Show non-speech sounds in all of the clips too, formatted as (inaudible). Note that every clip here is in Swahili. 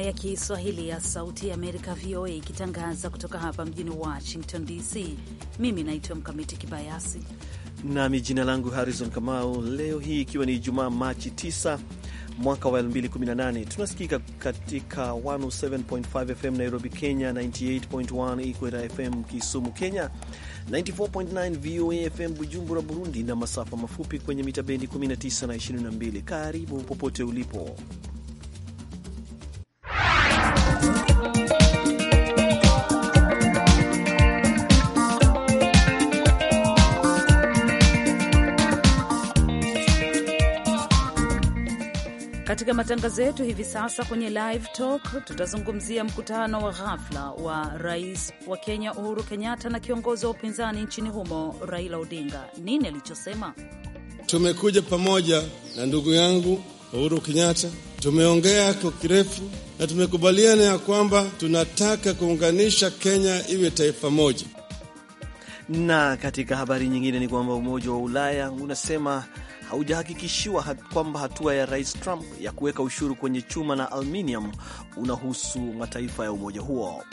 idhaa ya Kiswahili ya Sauti ya Amerika, VOA, ikitangaza kutoka hapa mjini Washington DC. Mimi naitwa Mkamiti Kibayasi nami jina langu Harrison Kamau. Leo hii ikiwa ni Ijumaa, Machi 9 mwaka wa 2018, tunasikika katika 107.5 FM Nairobi, Kenya, 98.1 Ikweta FM Kisumu, Kenya, 94.9 VOA FM Bujumbura, Burundi, na masafa mafupi kwenye mita bendi 19 na 22. Karibu popote ulipo Katika matangazo yetu hivi sasa kwenye live talk, tutazungumzia mkutano wa ghafla wa rais wa Kenya Uhuru Kenyatta na kiongozi wa upinzani nchini humo Raila Odinga. Nini alichosema? Tumekuja pamoja na ndugu yangu Uhuru Kenyatta, tumeongea kwa kirefu na tumekubaliana ya kwamba tunataka kuunganisha Kenya iwe taifa moja. Na katika habari nyingine ni kwamba Umoja wa Ulaya unasema haujahakikishiwa kwamba hatua ya Rais Trump ya kuweka ushuru kwenye chuma na aluminium unahusu mataifa ya umoja huo.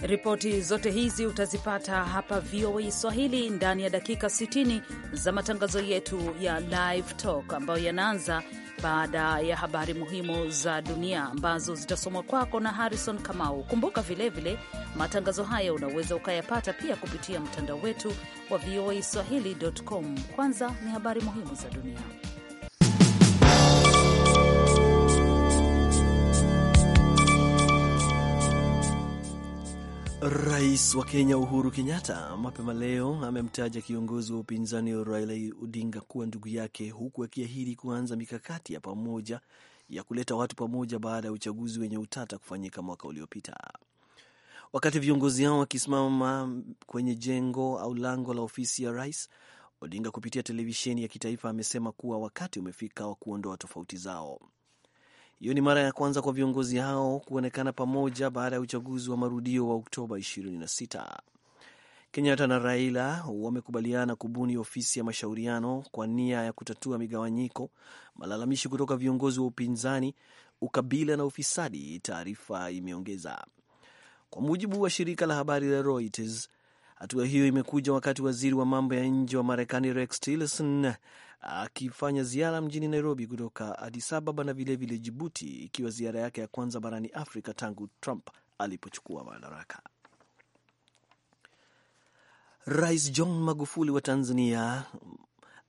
Ripoti zote hizi utazipata hapa VOA Swahili ndani ya dakika 60 za matangazo yetu ya Live Talk ambayo yanaanza baada ya habari muhimu za dunia ambazo zitasomwa kwako na Harrison Kamau. Kumbuka vilevile vile, matangazo haya unaweza ukayapata pia kupitia mtandao wetu wa voa Swahili.com. Kwanza ni habari muhimu za dunia. Rais wa Kenya Uhuru Kenyatta mapema leo amemtaja kiongozi wa upinzani Raila Odinga kuwa ndugu yake, huku akiahidi kuanza mikakati ya pamoja ya kuleta watu pamoja baada ya uchaguzi wenye utata kufanyika mwaka uliopita. Wakati viongozi hao wakisimama kwenye jengo au lango la ofisi ya rais, Odinga kupitia televisheni ya kitaifa amesema kuwa wakati umefika wa kuondoa tofauti zao. Hiyo ni mara ya kwanza kwa viongozi hao kuonekana pamoja baada ya uchaguzi wa marudio wa Oktoba 26. Kenyatta na Raila wamekubaliana kubuni ofisi ya mashauriano kwa nia ya kutatua migawanyiko, malalamishi kutoka viongozi wa upinzani, ukabila na ufisadi, taarifa imeongeza. Kwa mujibu wa shirika la habari la Reuters, hatua hiyo imekuja wakati waziri wa mambo ya nje wa Marekani Rex Tillerson akifanya ziara mjini Nairobi kutoka Addis Ababa na vilevile Jibuti, ikiwa ziara yake ya kwanza barani Afrika tangu Trump alipochukua madaraka. Rais John Magufuli wa Tanzania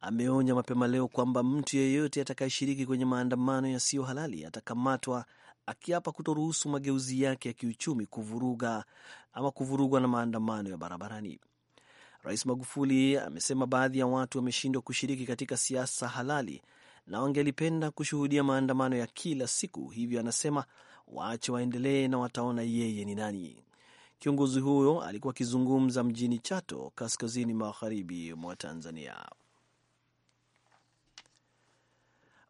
ameonya mapema leo kwamba mtu yeyote atakayeshiriki kwenye maandamano yasiyo halali atakamatwa, akiapa kutoruhusu mageuzi yake ya kiuchumi kuvuruga ama kuvurugwa na maandamano ya barabarani. Rais Magufuli amesema baadhi ya watu wameshindwa kushiriki katika siasa halali na wangelipenda kushuhudia maandamano ya kila siku, hivyo anasema waache waendelee na wataona yeye ni nani. Kiongozi huyo alikuwa akizungumza mjini Chato, kaskazini magharibi mwa Tanzania.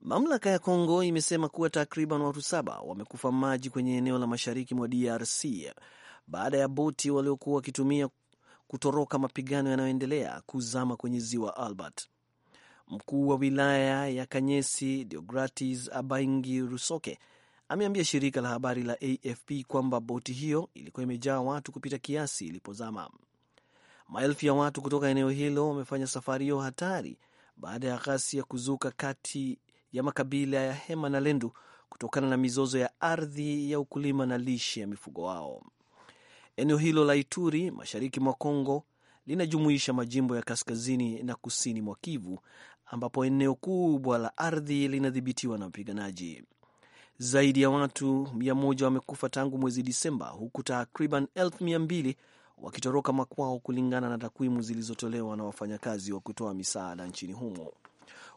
Mamlaka ya Kongo imesema kuwa takriban watu saba wamekufa maji kwenye eneo la mashariki mwa DRC baada ya boti waliokuwa wakitumia kutoroka mapigano yanayoendelea kuzama kwenye ziwa Albert. Mkuu wa wilaya ya Kanyesi Deogratis Abaingi Rusoke ameambia shirika la habari la AFP kwamba boti hiyo ilikuwa imejaa watu kupita kiasi ilipozama. Maelfu ya watu kutoka eneo hilo wamefanya safari hiyo hatari baada ya ghasia kuzuka kati ya makabila ya Hema na Lendu kutokana na mizozo ya ardhi ya ukulima na lishe ya mifugo wao. Eneo hilo la Ituri mashariki mwa Kongo linajumuisha majimbo ya kaskazini na kusini mwa Kivu, ambapo eneo kubwa la ardhi linadhibitiwa na wapiganaji. Zaidi ya watu mia moja wamekufa tangu mwezi Disemba, huku takriban elfu mia mbili wakitoroka makwao, kulingana na takwimu zilizotolewa na wafanyakazi wa kutoa misaada nchini humo.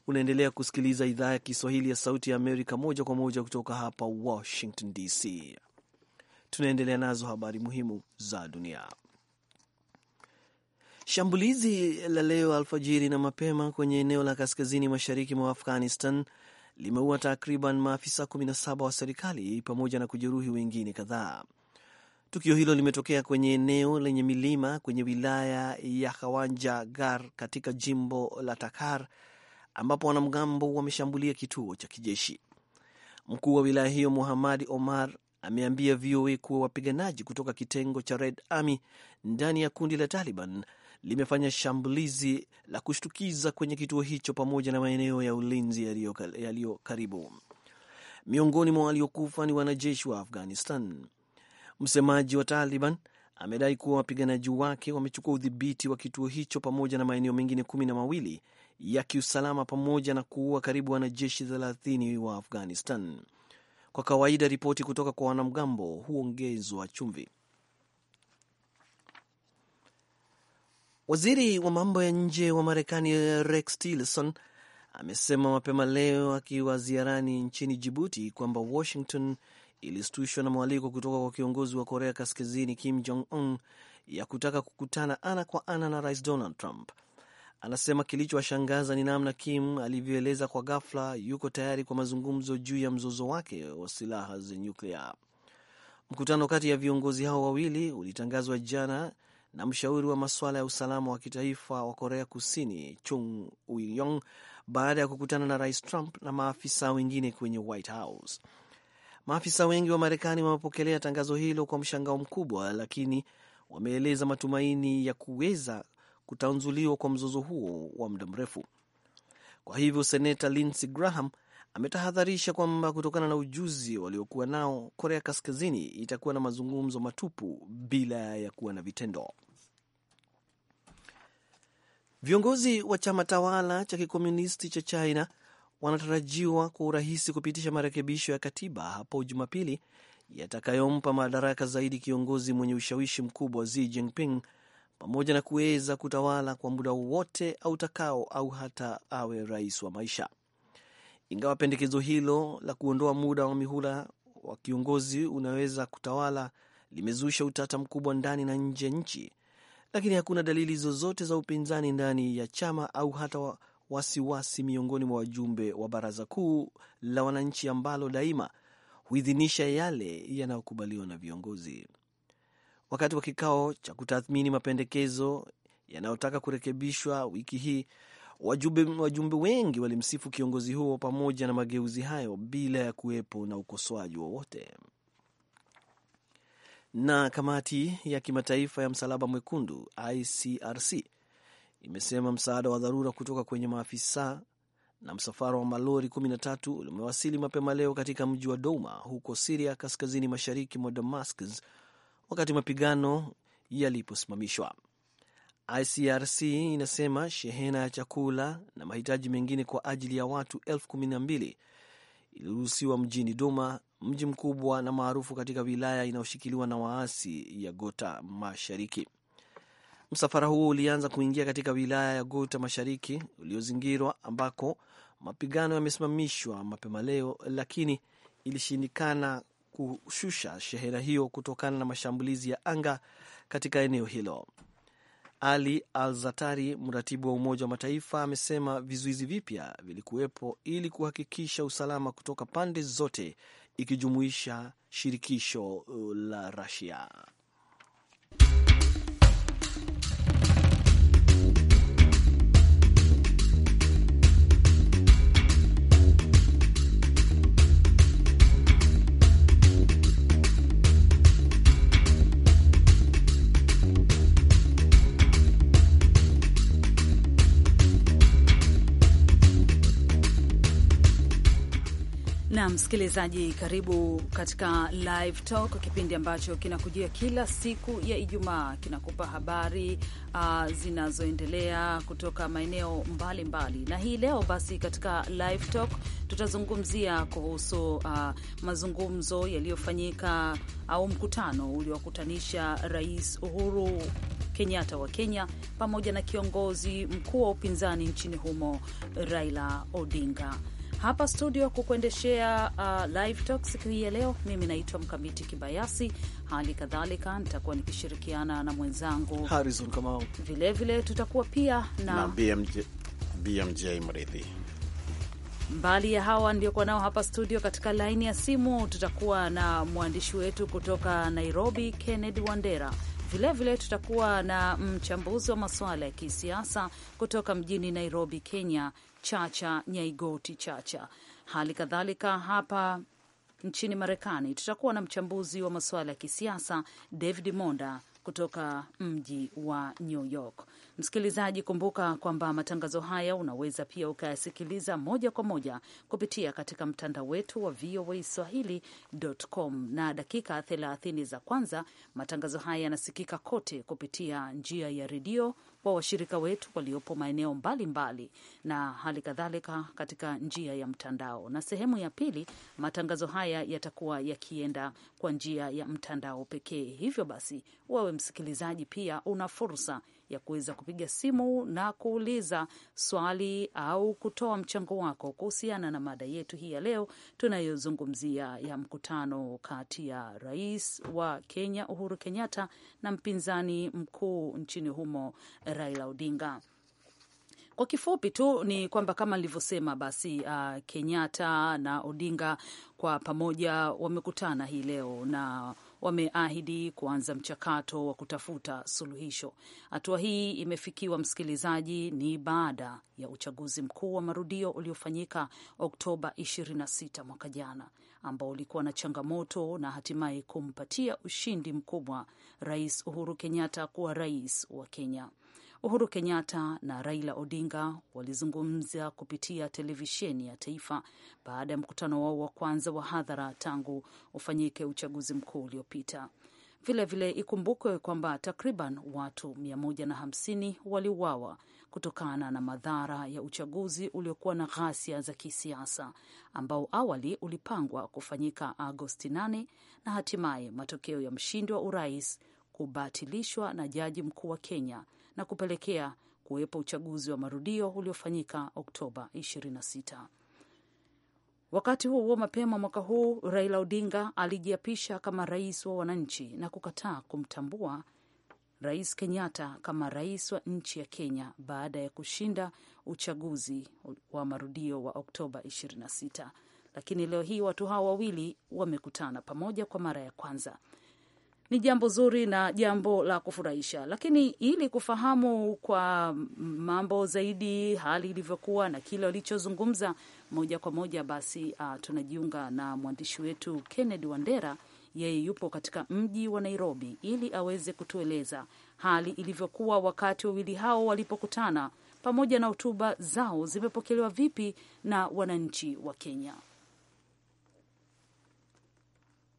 Unaendelea kusikiliza idhaa ya Kiswahili ya Sauti ya Amerika moja kwa moja kutoka hapa Washington DC. Tunaendelea nazo habari muhimu za dunia. Shambulizi la leo alfajiri na mapema kwenye eneo la kaskazini mashariki mwa Afghanistan limeua takriban maafisa 17 wa serikali pamoja na kujeruhi wengine kadhaa. Tukio hilo limetokea kwenye eneo lenye milima kwenye wilaya ya Khawanja Gar katika jimbo la Takar, ambapo wanamgambo wameshambulia kituo cha kijeshi. Mkuu wa wilaya hiyo Muhamad Omar ameambia VOA kuwa wapiganaji kutoka kitengo cha Red Army ndani ya kundi la Taliban limefanya shambulizi la kushtukiza kwenye kituo hicho pamoja na maeneo ya ulinzi yaliyo karibu. Miongoni mwa waliokufa ni wanajeshi wa Afghanistan. Msemaji wa Taliban amedai kuwa wapiganaji wake wamechukua udhibiti wa kituo hicho pamoja na maeneo mengine kumi na mawili ya kiusalama pamoja na kuua karibu wanajeshi thelathini wa Afghanistan. Kwa kawaida ripoti kutoka kwa wanamgambo huongezwa chumvi. Waziri wa mambo ya nje wa Marekani Rex Tillerson amesema mapema leo akiwa ziarani nchini Jibuti kwamba Washington ilistushwa na mwaliko kutoka kwa kiongozi wa Korea Kaskazini Kim Jong Un ya kutaka kukutana ana kwa ana na Rais Donald Trump Anasema kilichowashangaza ni namna Kim alivyoeleza kwa ghafla yuko tayari kwa mazungumzo juu ya mzozo wake wa silaha za nyuklia. Mkutano kati ya viongozi hao wawili ulitangazwa jana na mshauri wa masuala ya usalama wa kitaifa wa Korea Kusini Chung Uyong baada ya kukutana na Rais Trump na maafisa wengine kwenye White House. Maafisa wengi wa Marekani wamepokelea tangazo hilo kwa mshangao mkubwa, lakini wameeleza matumaini ya kuweza kutanzuliwa kwa mzozo huo wa muda mrefu. Kwa hivyo seneta Lindsey Graham ametahadharisha kwamba kutokana na ujuzi waliokuwa nao, Korea Kaskazini itakuwa na mazungumzo matupu bila ya kuwa na vitendo. Viongozi wa chama tawala cha kikomunisti cha China wanatarajiwa kwa urahisi kupitisha marekebisho ya katiba hapo Jumapili yatakayompa madaraka zaidi kiongozi mwenye ushawishi mkubwa Xi Jinping pamoja na kuweza kutawala kwa muda wowote autakao au hata awe rais wa maisha. Ingawa pendekezo hilo la kuondoa muda wa mihula wa kiongozi unaweza kutawala limezusha utata mkubwa ndani na nje ya nchi, lakini hakuna dalili zozote za upinzani ndani ya chama au hata wasiwasi wasi miongoni mwa wajumbe wa Baraza Kuu la Wananchi ambalo daima huidhinisha yale yanayokubaliwa na viongozi wakati wa kikao cha kutathmini mapendekezo yanayotaka kurekebishwa wiki hii. Wajumbe, wajumbe wengi walimsifu kiongozi huo pamoja na mageuzi hayo bila ya kuwepo na ukosoaji wowote. Na kamati ya kimataifa ya Msalaba Mwekundu ICRC imesema msaada wa dharura kutoka kwenye maafisa na msafara wa malori 13 umewasili mapema leo katika mji wa Douma huko Siria, kaskazini mashariki mwa Damascus, wakati mapigano yaliposimamishwa. ICRC inasema shehena ya chakula na mahitaji mengine kwa ajili ya watu elfu kumi na mbili iliruhusiwa mjini Duma, mji mkubwa na maarufu katika wilaya inayoshikiliwa na waasi ya Gota Mashariki. Msafara huo ulianza kuingia katika wilaya ya Gota Mashariki uliozingirwa, ambako mapigano yamesimamishwa mapema leo, lakini ilishindikana kushusha shehena hiyo kutokana na mashambulizi ya anga katika eneo hilo. Ali Al-Zatari, mratibu wa Umoja wa Mataifa, amesema vizuizi vipya vilikuwepo ili kuhakikisha usalama kutoka pande zote, ikijumuisha shirikisho la rasia Na msikilizaji, karibu katika Live Talk, kipindi ambacho kinakujia kila siku ya Ijumaa, kinakupa habari uh, zinazoendelea kutoka maeneo mbalimbali. Na hii leo basi, katika Live Talk tutazungumzia kuhusu uh, mazungumzo yaliyofanyika au mkutano uliowakutanisha Rais Uhuru Kenyatta wa Kenya pamoja na kiongozi mkuu wa upinzani nchini humo Raila Odinga hapa studio kukuendeshea uh, live talk siku hii ya leo. Mimi naitwa Mkamiti Kibayasi, hali kadhalika nitakuwa nikishirikiana na mwenzangu Harrison Kamau, vilevile tutakuwa pia na, na BMJ, BMJ Mridhi. Mbali ya hawa ndiokuwa nao hapa studio, katika laini ya simu tutakuwa na mwandishi wetu kutoka Nairobi, Kennedy Wandera. Vilevile tutakuwa na mchambuzi wa masuala ya kisiasa kutoka mjini Nairobi, Kenya, Chacha Nyaigoti Chacha. Hali kadhalika hapa nchini Marekani tutakuwa na mchambuzi wa masuala ya kisiasa David Monda kutoka mji wa New York. Msikilizaji, kumbuka kwamba matangazo haya unaweza pia ukayasikiliza moja kwa moja kupitia katika mtandao wetu wa VOA Swahili.com, na dakika 30 za kwanza matangazo haya yanasikika kote kupitia njia ya redio kwa washirika wetu waliopo maeneo mbalimbali na hali kadhalika katika njia ya mtandao. Na sehemu ya pili, matangazo haya yatakuwa yakienda kwa njia ya mtandao pekee. Hivyo basi, wewe msikilizaji, pia una fursa ya kuweza kupiga simu na kuuliza swali au kutoa mchango wako kuhusiana na mada yetu hii ya leo tunayozungumzia ya mkutano kati ya rais wa Kenya Uhuru Kenyatta na mpinzani mkuu nchini humo Raila Odinga. Kwa kifupi tu ni kwamba kama nilivyosema, basi uh, Kenyatta na Odinga kwa pamoja wamekutana hii leo na wameahidi kuanza mchakato wa kutafuta suluhisho. Hatua hii imefikiwa, msikilizaji, ni baada ya uchaguzi mkuu wa marudio uliofanyika Oktoba 26 mwaka jana, ambao ulikuwa na changamoto na hatimaye kumpatia ushindi mkubwa Rais Uhuru Kenyatta kuwa rais wa Kenya. Uhuru Kenyatta na Raila Odinga walizungumza kupitia televisheni ya taifa baada ya mkutano wao wa kwanza wa hadhara tangu ufanyike uchaguzi mkuu uliopita. Vilevile ikumbukwe kwamba takriban watu 150 waliuawa kutokana na madhara ya uchaguzi uliokuwa na ghasia za kisiasa ambao awali ulipangwa kufanyika Agosti 8 na hatimaye matokeo ya mshindi wa urais kubatilishwa na jaji mkuu wa Kenya na kupelekea kuwepo uchaguzi wa marudio uliofanyika Oktoba 26. Wakati huo huo, mapema mwaka huu Raila Odinga alijiapisha kama rais wa wananchi na kukataa kumtambua Rais Kenyatta kama rais wa nchi ya Kenya baada ya kushinda uchaguzi wa marudio wa Oktoba 26. Lakini leo hii watu hao wawili wamekutana pamoja kwa mara ya kwanza ni jambo zuri na jambo la kufurahisha, lakini ili kufahamu kwa mambo zaidi hali ilivyokuwa na kile walichozungumza moja kwa moja, basi uh, tunajiunga na mwandishi wetu Kennedy Wandera. Yeye yupo katika mji wa Nairobi ili aweze kutueleza hali ilivyokuwa wakati wawili hao walipokutana, pamoja na hotuba zao zimepokelewa vipi na wananchi wa Kenya.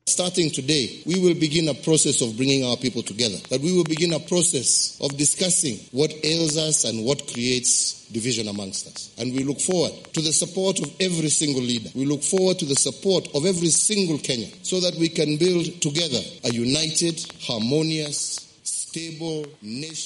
Starting today, we will begin a process of bringing our people together. But we will begin a process of discussing what ails us and what creates division amongst us. And we look forward to the support of every single leader. We look forward to the support of every single Kenyan so that we can build together a united, harmonious,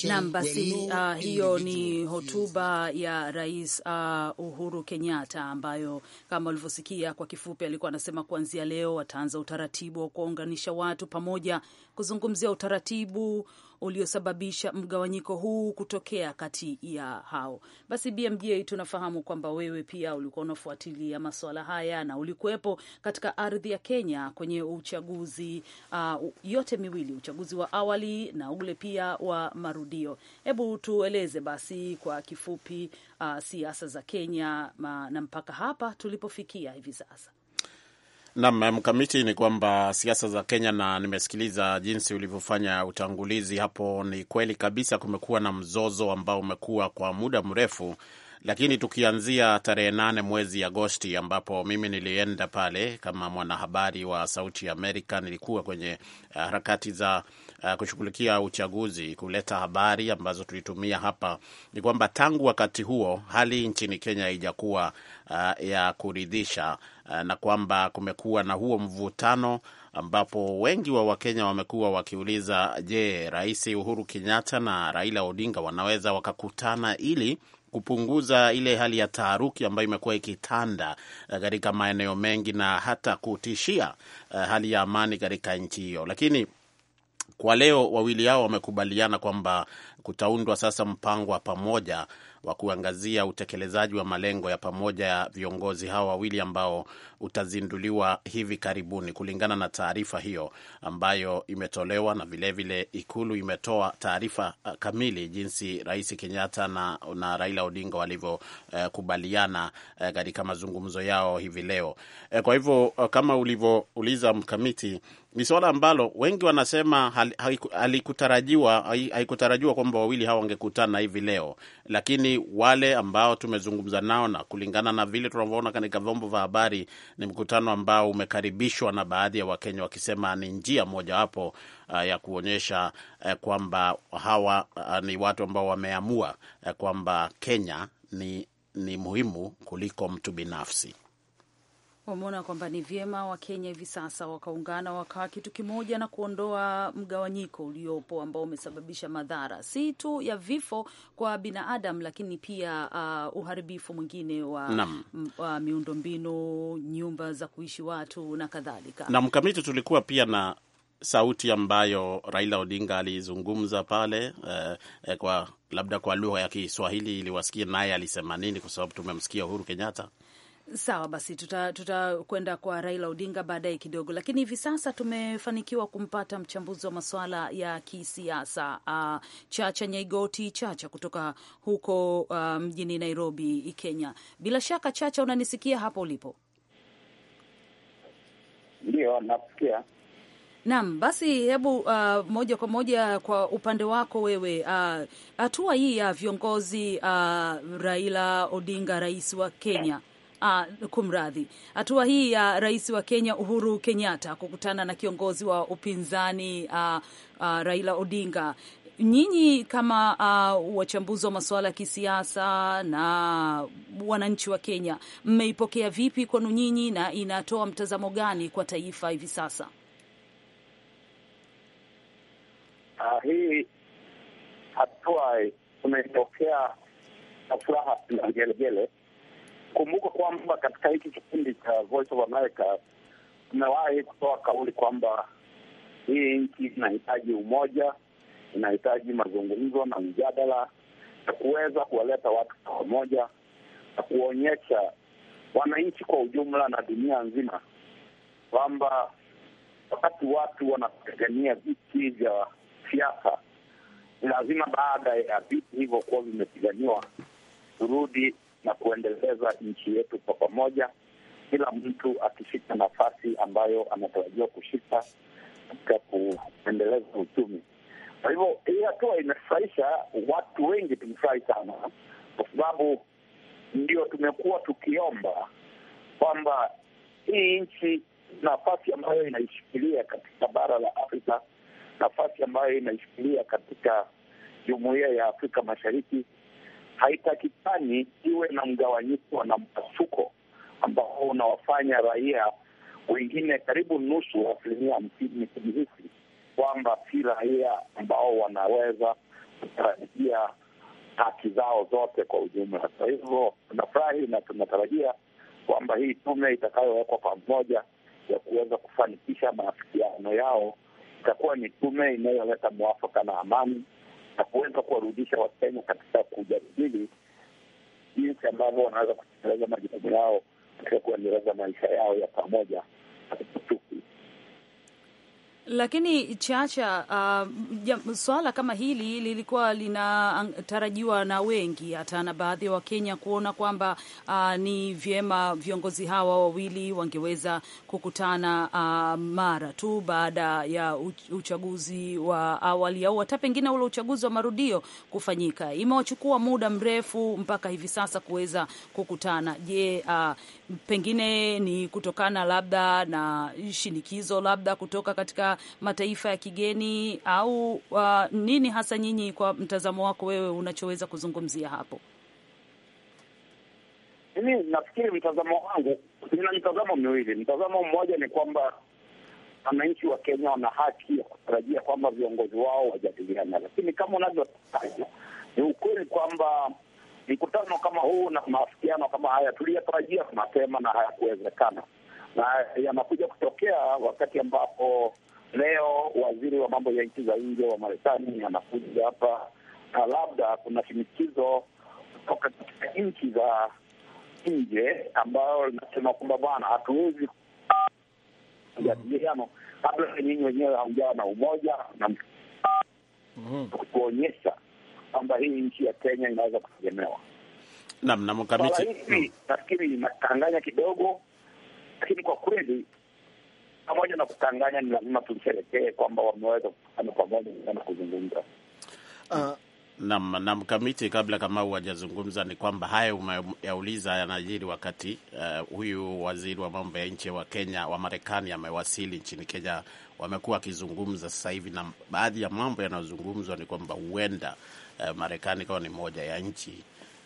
Nam basi, uh, hiyo ni hotuba ya Rais uh, Uhuru Kenyatta ambayo kama ulivyosikia kwa kifupi, alikuwa anasema kuanzia leo wataanza utaratibu wa kuwaunganisha watu pamoja, kuzungumzia utaratibu uliosababisha mgawanyiko huu kutokea kati ya hao. Basi BMJ, tunafahamu kwamba wewe pia ulikuwa unafuatilia masuala haya na ulikuwepo katika ardhi ya Kenya kwenye uchaguzi uh, yote miwili, uchaguzi wa awali na ule pia wa marudio. Hebu tueleze basi kwa kifupi uh, siasa za Kenya ma, na mpaka hapa tulipofikia hivi sasa. Naam, mkamiti ni kwamba siasa za Kenya, na nimesikiliza jinsi ulivyofanya utangulizi hapo. Ni kweli kabisa, kumekuwa na mzozo ambao umekuwa kwa muda mrefu, lakini tukianzia tarehe nane mwezi Agosti ambapo mimi nilienda pale kama mwanahabari wa Sauti ya Amerika, nilikuwa kwenye eh, harakati za uh, kushughulikia uchaguzi kuleta habari ambazo tulitumia hapa ni kwamba tangu wakati huo hali nchini Kenya haijakuwa uh, ya kuridhisha uh, na kwamba kumekuwa na huo mvutano ambapo wengi wa Wakenya wamekuwa wakiuliza, je, Rais Uhuru Kenyatta na Raila Odinga wanaweza wakakutana ili kupunguza ile hali ya taharuki ambayo imekuwa ikitanda uh, katika maeneo mengi na hata kutishia uh, hali ya amani katika nchi hiyo. Lakini kwa leo wawili hao wamekubaliana kwamba kutaundwa sasa mpango wa pamoja wa kuangazia utekelezaji wa malengo ya pamoja ya viongozi hao wawili ambao utazinduliwa hivi karibuni, kulingana na taarifa hiyo ambayo imetolewa na vilevile vile Ikulu imetoa taarifa uh, kamili jinsi Rais Kenyatta na, na Raila Odinga walivyokubaliana uh, eh, katika mazungumzo yao hivi leo uh, Kwa hivyo uh, kama ulivyouliza mkamiti ni suala ambalo wengi wanasema halikutarajiwa haikutarajiwa kwamba wawili hawa wangekutana hivi leo, lakini wale ambao tumezungumza nao na kulingana na vile tunavyoona katika vyombo vya habari ni mkutano ambao umekaribishwa na baadhi ya Wakenya wakisema ni njia mojawapo uh, ya kuonyesha uh, kwamba hawa uh, ni watu ambao wameamua uh, kwamba Kenya ni, ni muhimu kuliko mtu binafsi wameona kwamba ni vyema Wakenya hivi sasa wakaungana wakawa kitu kimoja na kuondoa mgawanyiko uliopo ambao umesababisha madhara si tu ya vifo kwa binadamu, lakini pia uh, uharibifu mwingine wa, wa miundombinu, nyumba za kuishi watu na kadhalika. Na mkamiti, tulikuwa pia na sauti ambayo Raila Odinga alizungumza pale eh, eh kwa labda kwa lugha ya Kiswahili ili wasikie naye alisema nini, kwa sababu tumemsikia Uhuru Kenyatta Sawa basi, tutakwenda tuta kwa Raila Odinga baadaye kidogo, lakini hivi sasa tumefanikiwa kumpata mchambuzi wa masuala ya kisiasa uh, Chacha Nyaigoti Chacha kutoka huko ah, mjini Nairobi, Kenya. Bila shaka, Chacha, unanisikia hapo ulipo? Ndio, nakusikia. Naam, basi hebu uh, moja kwa moja kwa upande wako wewe, hatua uh, hii ya viongozi uh, Raila Odinga, rais wa Kenya uh, kumradhi, hatua hii ya rais wa Kenya Uhuru Kenyatta kukutana na kiongozi wa upinzani uh, uh, Raila Odinga nyinyi kama uh, wachambuzi wa masuala ya kisiasa na wananchi wa Kenya mmeipokea vipi kwenu nyinyi, na inatoa mtazamo gani kwa taifa hivi sasa? Uh, hii hatua tumeipokea na furaha na vigelegele, Kumbuka kwamba katika hiki kipindi cha Voice of America tumewahi kutoa kauli kwamba hii nchi inahitaji umoja, inahitaji mazungumzo na mjadala na kuweza kuwaleta watu pamoja na kuonyesha wananchi kwa ujumla na dunia nzima kwamba wakati watu wanapigania viti vya siasa, lazima baada ya viti hivyo kuwa vimepiganiwa turudi na kuendeleza nchi yetu kwa pamoja, kila mtu akishika nafasi ambayo anatarajiwa kushika katika kuendeleza uchumi. Kwa hivyo hii hatua imefurahisha watu wengi, tumefurahi sana, kwa sababu ndio tumekuwa tukiomba kwamba hii nchi nafasi ambayo inaishikilia katika bara la Afrika, nafasi ambayo inaishikilia katika jumuiya ya Afrika Mashariki haitakikani iwe na mgawanyiko na mpasuko ambao unawafanya raia wengine karibu nusu, asilimia hamsini, kujihisi kwamba si raia ambao wanaweza kutarajia haki zao zote kwa ujumla. Kwa hivyo tunafurahi na tunatarajia kwamba hii tume itakayowekwa pamoja ya kuweza kufanikisha maafikiano yao itakuwa ni tume inayoleta mwafaka na amani na kuweza kuwarudisha Wakenya katika kujadili jinsi ambavyo wanaweza kutekeleza majukumu yao katika kuendeleza maisha yao ya pamoja lakini Chacha, uh, swala kama hili lilikuwa linatarajiwa na wengi, hata na baadhi ya Wakenya kuona kwamba uh, ni vyema viongozi hawa wawili wangeweza kukutana uh, mara tu baada ya uchaguzi wa awali au hata pengine ule uchaguzi wa marudio kufanyika. Imewachukua muda mrefu mpaka hivi sasa kuweza kukutana. Je, uh, pengine ni kutokana labda na shinikizo labda kutoka katika mataifa ya kigeni au uh, nini hasa nyinyi, kwa mtazamo wako wewe, unachoweza kuzungumzia hapo? Mimi nafikiri mtazamo wangu, nina mitazamo miwili. Mtazamo mmoja ni kwamba wananchi wa Kenya wana haki ya kutarajia kwamba viongozi wao wajadiliana, lakini kama unavyotaja, ni ukweli kwamba Mikutano kama huu na maafikiano kama haya tuliyotarajia mapema na hayakuwezekana, na yanakuja kutokea wakati ambapo leo waziri wa mambo ya nchi za nje wa Marekani anakuja hapa, na labda kuna shinikizo kutoka katika nchi za nje ambayo linasema kwamba bwana, hatuwezi majadiliano kabla nyinyi wenyewe haujawa na umoja na mhm. kuonyesha kwamba hii nchi ya Kenya inaweza kutegemewa. Naam, na mkamiti hii inakanganya kidogo, lakini kwa kweli, pamoja na kutanganya, ni lazima tumsherekee kwamba wameweza kukutana pamoja na kuzungumza. Uh, Naam, na mkamiti, kabla kama hajazungumza, ni kwamba haya umeyauliza yanajiri wakati uh, huyu waziri wa mambo ya nje wa Kenya wa Marekani amewasili nchini Kenya. Wamekuwa wakizungumza sasa hivi, na baadhi ya mambo yanayozungumzwa ni kwamba huenda Eh, Marekani kwa ni moja ya nchi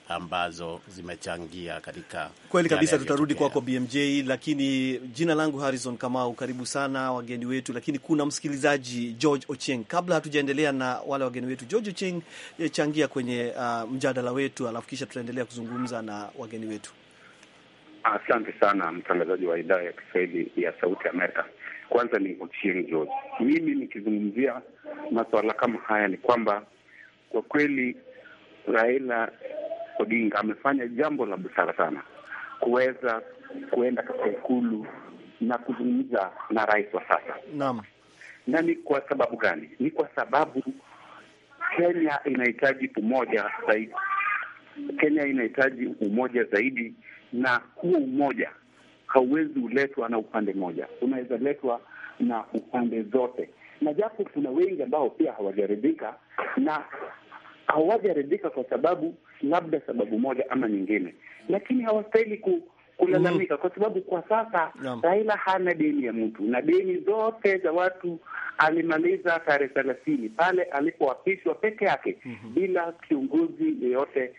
ambazo zimechangia katika. Kweli kabisa, tutarudi kwako kwa BMJ, lakini jina langu Harrison Kamau. Karibu sana wageni wetu, lakini kuna msikilizaji George Ocheng. Kabla hatujaendelea na wale wageni wetu, George Ocheng, eh, changia kwenye uh, mjadala wetu, alafu kisha tutaendelea kuzungumza na wageni wetu. Asante sana mtangazaji wa idhaa ya Kiswahili ya Sauti Amerika. Kwanza ni Ochieng George. Mimi nikizungumzia masuala kama haya ni kwamba kwa kweli Raila Odinga amefanya jambo la busara sana kuweza kuenda katika ikulu na kuzungumza na rais wa sasa. Naam, na ni kwa sababu gani? Ni kwa sababu Kenya inahitaji umoja zaidi. Kenya inahitaji umoja zaidi, na huo umoja hauwezi uletwa na upande mmoja, unaweza letwa na upande zote, na japo kuna wengi ambao pia hawajaridhika na hawajaridhika kwa sababu labda sababu moja ama nyingine, lakini hawastahili ku, kulalamika mm. kwa sababu kwa sasa Raila hana deni ya mtu na deni zote za watu alimaliza tarehe thelathini pale alipoapishwa peke yake mhm. bila kiongozi yeyote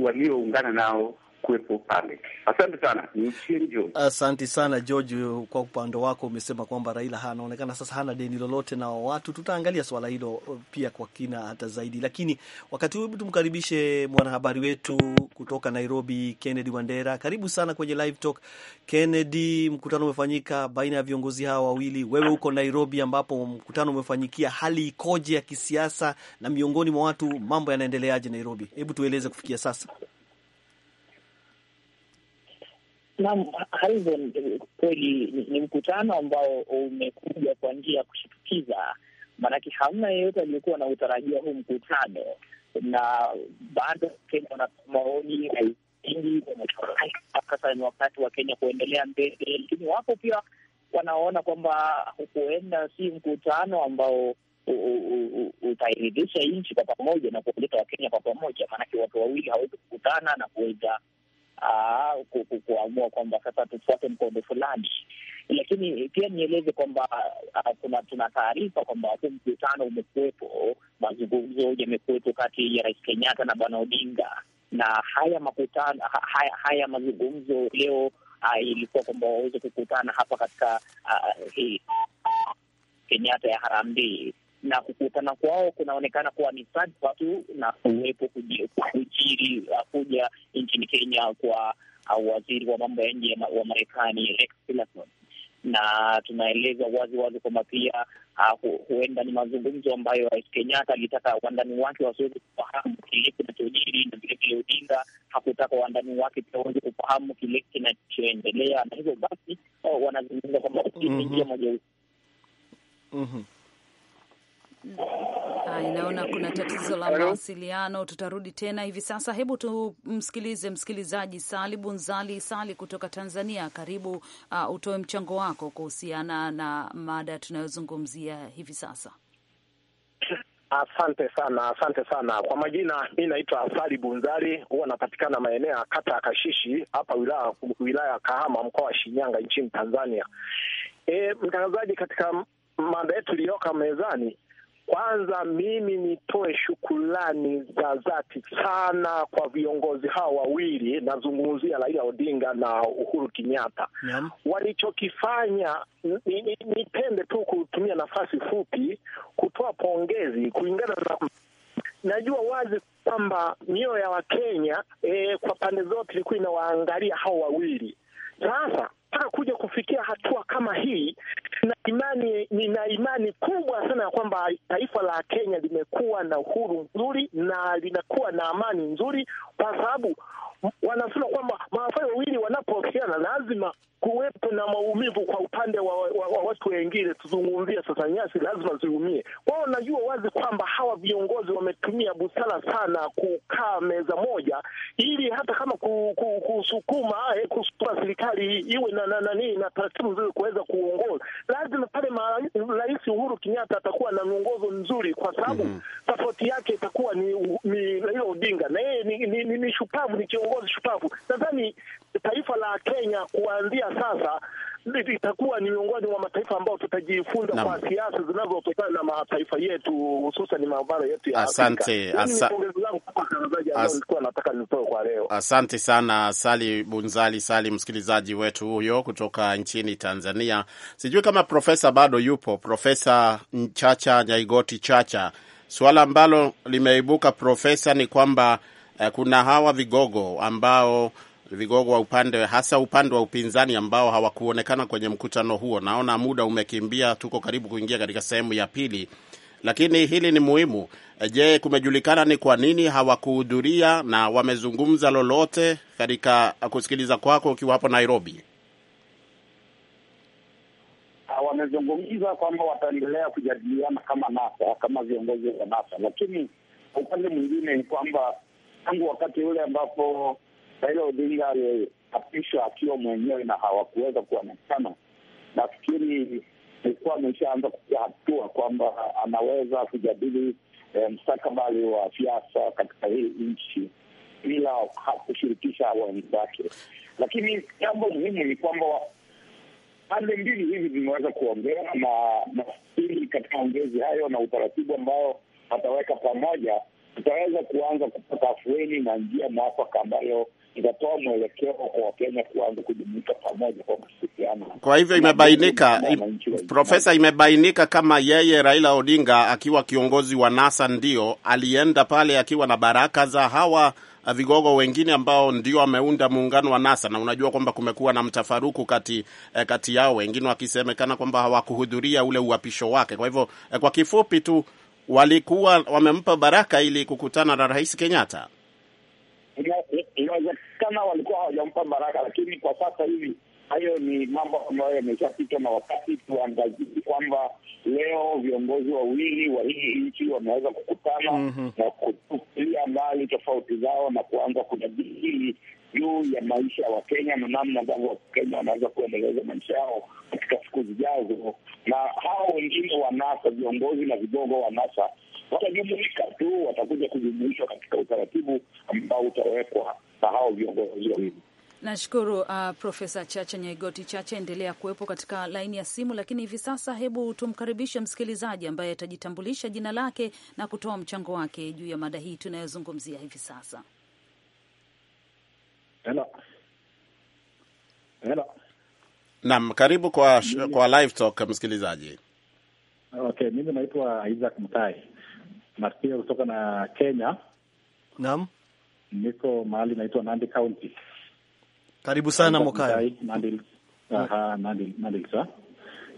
walioungana nao kuwepo pale. Asante sana, ni Ochieng Asante sana George, kwa upande wako umesema kwamba Raila anaonekana sasa hana deni lolote na watu. Tutaangalia swala hilo pia kwa kina hata zaidi, lakini wakati huu, hebu tumkaribishe mwanahabari wetu kutoka Nairobi, Kennedy Wandera. Karibu sana kwenye Live Talk Kennedy. Mkutano umefanyika baina ya viongozi hawa wawili, wewe huko Nairobi ambapo mkutano umefanyikia, hali ikoje ya kisiasa na miongoni mwa watu, mambo yanaendeleaje Nairobi? Hebu tueleze kufikia sasa. Naam, Harrison, kweli ni mkutano ambao umekuja kwa njia ya kushitukiza, maanake hamna yeyote aliyekuwa na utarajia huu mkutano, na bado Kenya wanatoa maoni ingi sasa ni wakati wa Kenya kuendelea mbele, lakini wapo pia wanaona kwamba huenda si mkutano ambao utairidhisha nchi kwa pamoja na kuwaleta Wakenya kwa pamoja, maanake watu wawili hawezi kukutana na kuweza Ah, kuamua kwamba sasa tufuate mkondo fulani. Lakini pia nieleze kwamba uh, tuna taarifa kwamba huu mkutano umekuwepo, mazungumzo yamekuwepo kati ya Rais Kenyatta na Bwana Odinga, na haya makutano haya, haya mazungumzo leo uh, ilikuwa kwamba waweze kukutana hapa katika uh, hii Kenyatta ya Harambee na kukutana kwao kunaonekana kuwa ni sadfa tu na kuwepo kujiri uh, kuja nchini Kenya kwa uh, waziri wa mambo ya nje wa Marekani Rex Tillerson, na tunaeleza wazi wazi kwamba pia uh, huenda ni mazungumzo ambayo Rais Kenyatta alitaka wandani wake wasiweze kufahamu kile kinachojiri, na vilevile Odinga hakutaka wandani wake pia waweze kufahamu kile kinachoendelea, na hivyo basi oh, wanazungumza kwamba mm-hmm. njia moja mm-hmm. Haya, naona kuna tatizo la mawasiliano, tutarudi tena hivi sasa. Hebu tumsikilize msikilizaji Sali Bunzali Sali kutoka Tanzania. Karibu uh, utoe mchango wako kuhusiana na mada tunayozungumzia hivi sasa. Asante sana, asante sana kwa majina. Mi naitwa Sali Bunzali, huwa napatikana maeneo ya kata ya Kashishi hapa wilaya wilaya ya Kahama, mkoa wa Shinyanga, nchini Tanzania. E, mtangazaji, katika mada yetu iliyoka mezani kwanza mimi nitoe shukrani za dhati sana kwa viongozi hawa wawili, nazungumzia Raila Odinga na Uhuru Kenyatta yeah. Walichokifanya nipende tu kutumia nafasi fupi kutoa pongezi kulingana na najua wazi kwamba mioyo ya Wakenya e, kwa pande zote ilikuwa inawaangalia hao wawili sasa mpaka kuja kufikia hatua kama hii, na imani nina imani kubwa sana ya kwamba taifa la Kenya limekuwa na uhuru nzuri na linakuwa na amani nzuri, kwa sababu wanasema kwamba maafa wawili wanapoafiana lazima kuwepo na maumivu kwa upande wa, wa, wa watu wengine. Tuzungumzia sasa, nyasi lazima ziumie. Kwao najua wazi kwamba hawa viongozi wametumia busara sana kukaa meza moja, ili hata kama kusukuma eh, kusukuma serikali iwe na nanii na, na taratibu nzuri kuweza kuongoza, lazima pale Rais Uhuru Kenyatta atakuwa na miongozo mzuri, kwa sababu mm -hmm. yake itakuwa ni, ni Raila Odinga na yeye ni, ni, ni, ni shupavu, ni kiongozi shupavu. Nadhani taifa la Kenya kuanzia sasa itakuwa ni miongoni mwa mataifa ambayo tutajifunza kwa siasa zinazotokana na mataifa yetu hususan mabara yetu ya asante, Afrika. Asante sana Sali Bunzali Sali, msikilizaji wetu huyo kutoka nchini Tanzania. Sijui kama profesa bado yupo, Profesa Chacha Nyaigoti Chacha. Suala ambalo limeibuka profesa ni kwamba Eh, kuna hawa vigogo ambao vigogo wa upande hasa upande wa upinzani ambao hawakuonekana kwenye mkutano huo. Naona muda umekimbia, tuko karibu kuingia katika sehemu ya pili, lakini hili ni muhimu. Eh, je, kumejulikana ni kwa nini hawakuhudhuria na wamezungumza lolote katika eh, kusikiliza kwako ukiwa hapo Nairobi? Ah, wamezungumza kwamba wataendelea kujadiliana kama NASA, kama viongozi wa NASA, lakini upande mwingine ni kwamba tangu wakati ule ambapo Raila Odinga aliapishwa akiwa mwenyewe na hawakuweza kuonekana, nafikiri alikuwa ameshaanza kupiga hatua kwamba anaweza kujadili eh, mstakabali wa siasa katika hii nchi bila hakushirikisha wenzake. Lakini jambo muhimu ni kwamba pande mbili hizi zimeweza kuongea, na nafikiri katika ongezi hayo na utaratibu ambao wataweka pamoja tutaweza kuanza kupata afueni na njia mwafaka ambayo itatoa mwelekeo kwa Wakenya kuanza kujumuika pamoja kwa kushirikiana. Kwa hivyo imebainika, Profesa, imebainika kama yeye Raila Odinga akiwa kiongozi wa NASA ndio alienda pale akiwa na baraka za hawa uh, vigogo wengine ambao ndio ameunda muungano wa NASA, na unajua kwamba kumekuwa na mtafaruku kati eh, kati yao, wengine wakisemekana kwamba hawakuhudhuria ule uapisho wake. Kwa hivyo eh, kwa kifupi tu walikuwa wamempa baraka ili kukutana na Rais Kenyatta? Inawezekana walikuwa hawajampa baraka, lakini kwa sasa hivi hayo ni mambo ambayo yameshapitwa na wakati. Tuangazie kwamba leo viongozi wawili wa hii nchi wameweza kukutana mm -hmm. na kutupilia mbali tofauti zao na kuanza kujadili juu ya maisha ya Wakenya na namna ambavyo Wakenya wanaweza kuendeleza maisha yao katika siku zijazo. Na hao wengine wa NASA, viongozi na vigogo wa NASA watajumuika tu, watakuja kujumuishwa katika utaratibu ambao utawekwa na hao viongozi wawili. Nashukuru uh, Profesa Chacha Nyaigoti Chacha, endelea kuwepo katika laini ya simu. Lakini hivi sasa, hebu tumkaribishe msikilizaji ambaye atajitambulisha jina lake na kutoa mchango wake juu ya mada hii tunayozungumzia hivi sasa. Hello. Hello. Naam, karibu kwa kwa live talk msikilizaji. Okay, mimi naitwa Isaac Mtai nasikia kutoka na Kenya. Naam, niko mahali naitwa Nandi County karibu sana Mokayo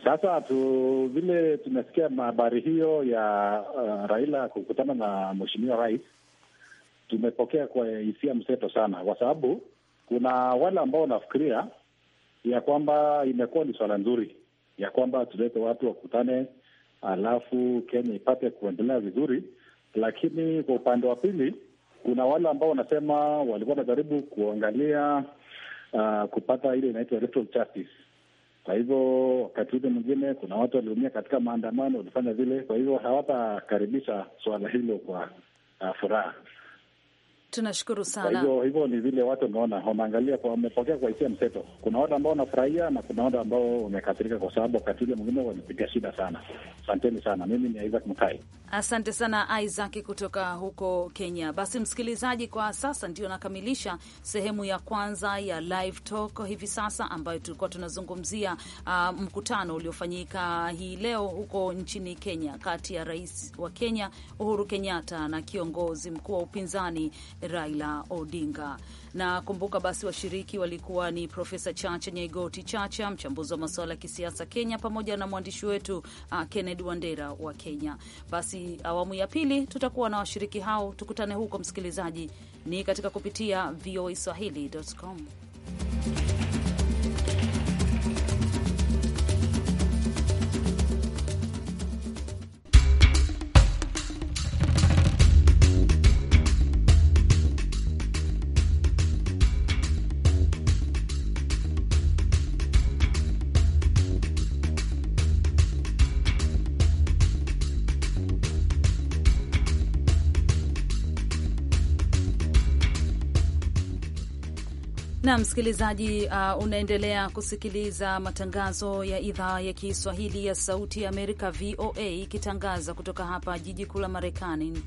Sasa tu vile tumesikia habari hiyo ya uh, Raila kukutana na mheshimiwa rais, tumepokea kwa hisia mseto sana, kwa sababu kuna wale ambao wanafikiria ya kwamba imekuwa ni swala nzuri ya kwamba tulete watu wakutane, alafu Kenya ipate kuendelea vizuri, lakini kwa upande wa pili kuna wale ambao wanasema walikuwa wanajaribu kuangalia uh, kupata ile inaitwa justice. Kwa hivyo wakati ule mwingine kuna watu waliumia katika maandamano, walifanya vile. Kwa hivyo hawatakaribisha suala hilo kwa uh, furaha. Tunashukuru sana. Kwa hivyo hivyo ni vile watu wameona, wameangalia, wamepokea kwa hisia mseto. Kuna watu ambao wanafurahia na kuna watu ambao wamekasirika, kwa sababu wakati ule mwingine walipitia shida sana. Asanteni sana, mimi ni Isaac Mkai. Asante sana Isaac kutoka huko Kenya. Basi msikilizaji, kwa sasa ndio nakamilisha sehemu ya kwanza ya Live Talk hivi sasa, ambayo tulikuwa tunazungumzia uh, mkutano uliofanyika hii leo huko nchini Kenya kati ya rais wa Kenya Uhuru Kenyatta na kiongozi mkuu wa upinzani Raila Odinga. Na kumbuka basi, washiriki walikuwa ni Profesa Chacha Nyaigoti Chacha, mchambuzi wa masuala ya kisiasa Kenya, pamoja na mwandishi wetu uh, Kennedy Wandera wa Kenya. Basi awamu ya pili tutakuwa na washiriki hao, tukutane huko msikilizaji, ni katika kupitia voaswahili.com. na msikilizaji, uh, unaendelea kusikiliza matangazo ya idhaa ya Kiswahili ya Sauti ya Amerika, VOA, ikitangaza kutoka hapa jiji kuu la Marekani,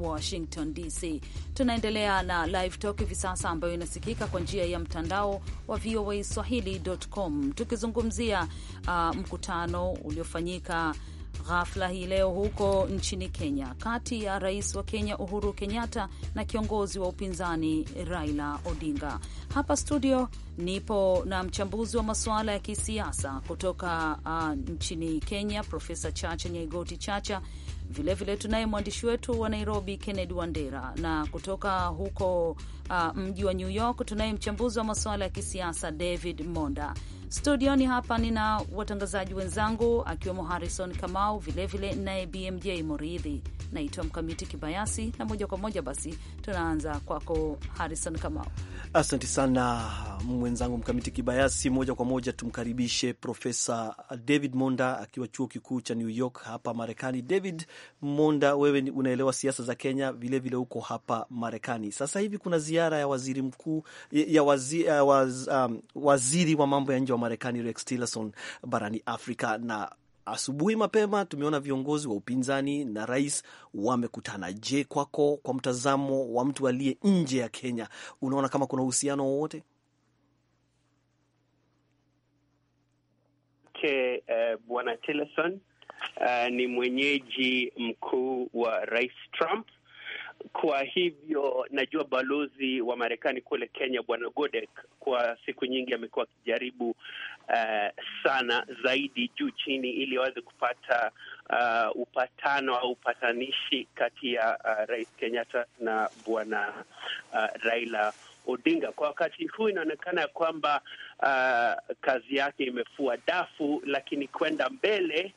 Washington DC. Tunaendelea na Live Talk hivi sasa ambayo inasikika kwa njia ya mtandao wa voa swahili.com, tukizungumzia uh, mkutano uliofanyika ghafla hii leo huko nchini Kenya kati ya rais wa Kenya Uhuru Kenyatta na kiongozi wa upinzani Raila Odinga. Hapa studio nipo na mchambuzi wa masuala ya kisiasa kutoka uh, nchini Kenya, Profesa Chacha Nyaigoti Chacha. Vilevile tunaye mwandishi wetu wa Nairobi, Kennedy Wandera, na kutoka huko uh, mji wa New York tunaye mchambuzi wa masuala ya kisiasa David Monda. Studioni hapa nina watangazaji wenzangu akiwemo Harrison Kamau, vilevile naye BMJ Moridhi. Naitwa Mkamiti Kibayasi, na moja kwa moja basi tunaanza kwako Harrison Kamau. Asante sana mwenzangu Mkamiti Kibayasi. Moja kwa moja tumkaribishe Profesa David Monda akiwa chuo kikuu cha New York hapa Marekani. David Monda, wewe unaelewa siasa za Kenya vilevile vile uko hapa Marekani. Sasa hivi kuna ziara ya waziri mkuu ya wazi, ya waz, um, waziri wa mambo ya nje wa Marekani Rex Tillerson barani Afrika na asubuhi mapema tumeona viongozi wa upinzani na rais wamekutana. Je, kwako, kwa mtazamo wa mtu aliye nje ya Kenya, unaona kama kuna uhusiano wowote? Okay, uh, eh, bwana Tillerson uh, ni mwenyeji mkuu wa rais Trump kwa hivyo najua balozi wa Marekani kule Kenya Bwana Godek kwa siku nyingi amekuwa akijaribu uh, sana zaidi juu chini, ili aweze kupata uh, upatano au upatanishi kati ya uh, Rais Kenyatta na Bwana uh, Raila Odinga. Kwa wakati huu inaonekana ya kwamba uh, kazi yake imefua dafu, lakini kwenda mbele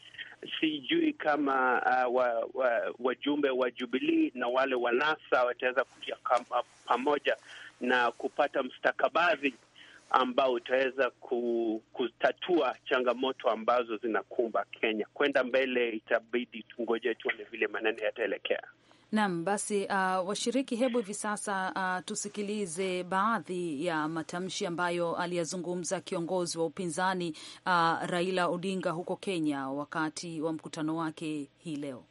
Sijui kama uh, wajumbe wa, wa, wa Jubilii na wale wa NASA wataweza kuja uh, pamoja na kupata mstakabadhi ambao utaweza kutatua changamoto ambazo zinakumba Kenya. Kwenda mbele, itabidi tungoje tuone vile maneno yataelekea. Naam, basi uh, washiriki, hebu hivi sasa uh, tusikilize baadhi ya matamshi ambayo aliyazungumza kiongozi wa upinzani uh, Raila Odinga huko Kenya wakati wa mkutano wake hii leo.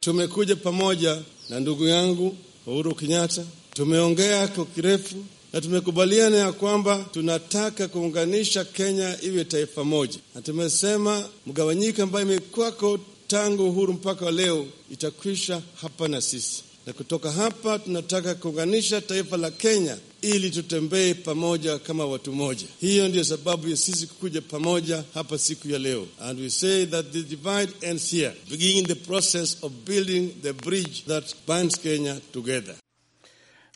Tumekuja pamoja na ndugu yangu Uhuru Kenyatta, tumeongea kwa kirefu na tumekubaliana ya kwamba tunataka kuunganisha Kenya iwe taifa moja, na tumesema mgawanyiko ambayo imekwako tangu uhuru mpaka leo itakwisha hapa na sisi, na kutoka hapa tunataka kuunganisha taifa la Kenya ili tutembee pamoja kama watu moja. Hiyo ndiyo sababu ya sisi kukuja pamoja hapa siku ya leo, and we say that the divide ends here beginning the process of building the bridge that binds Kenya together.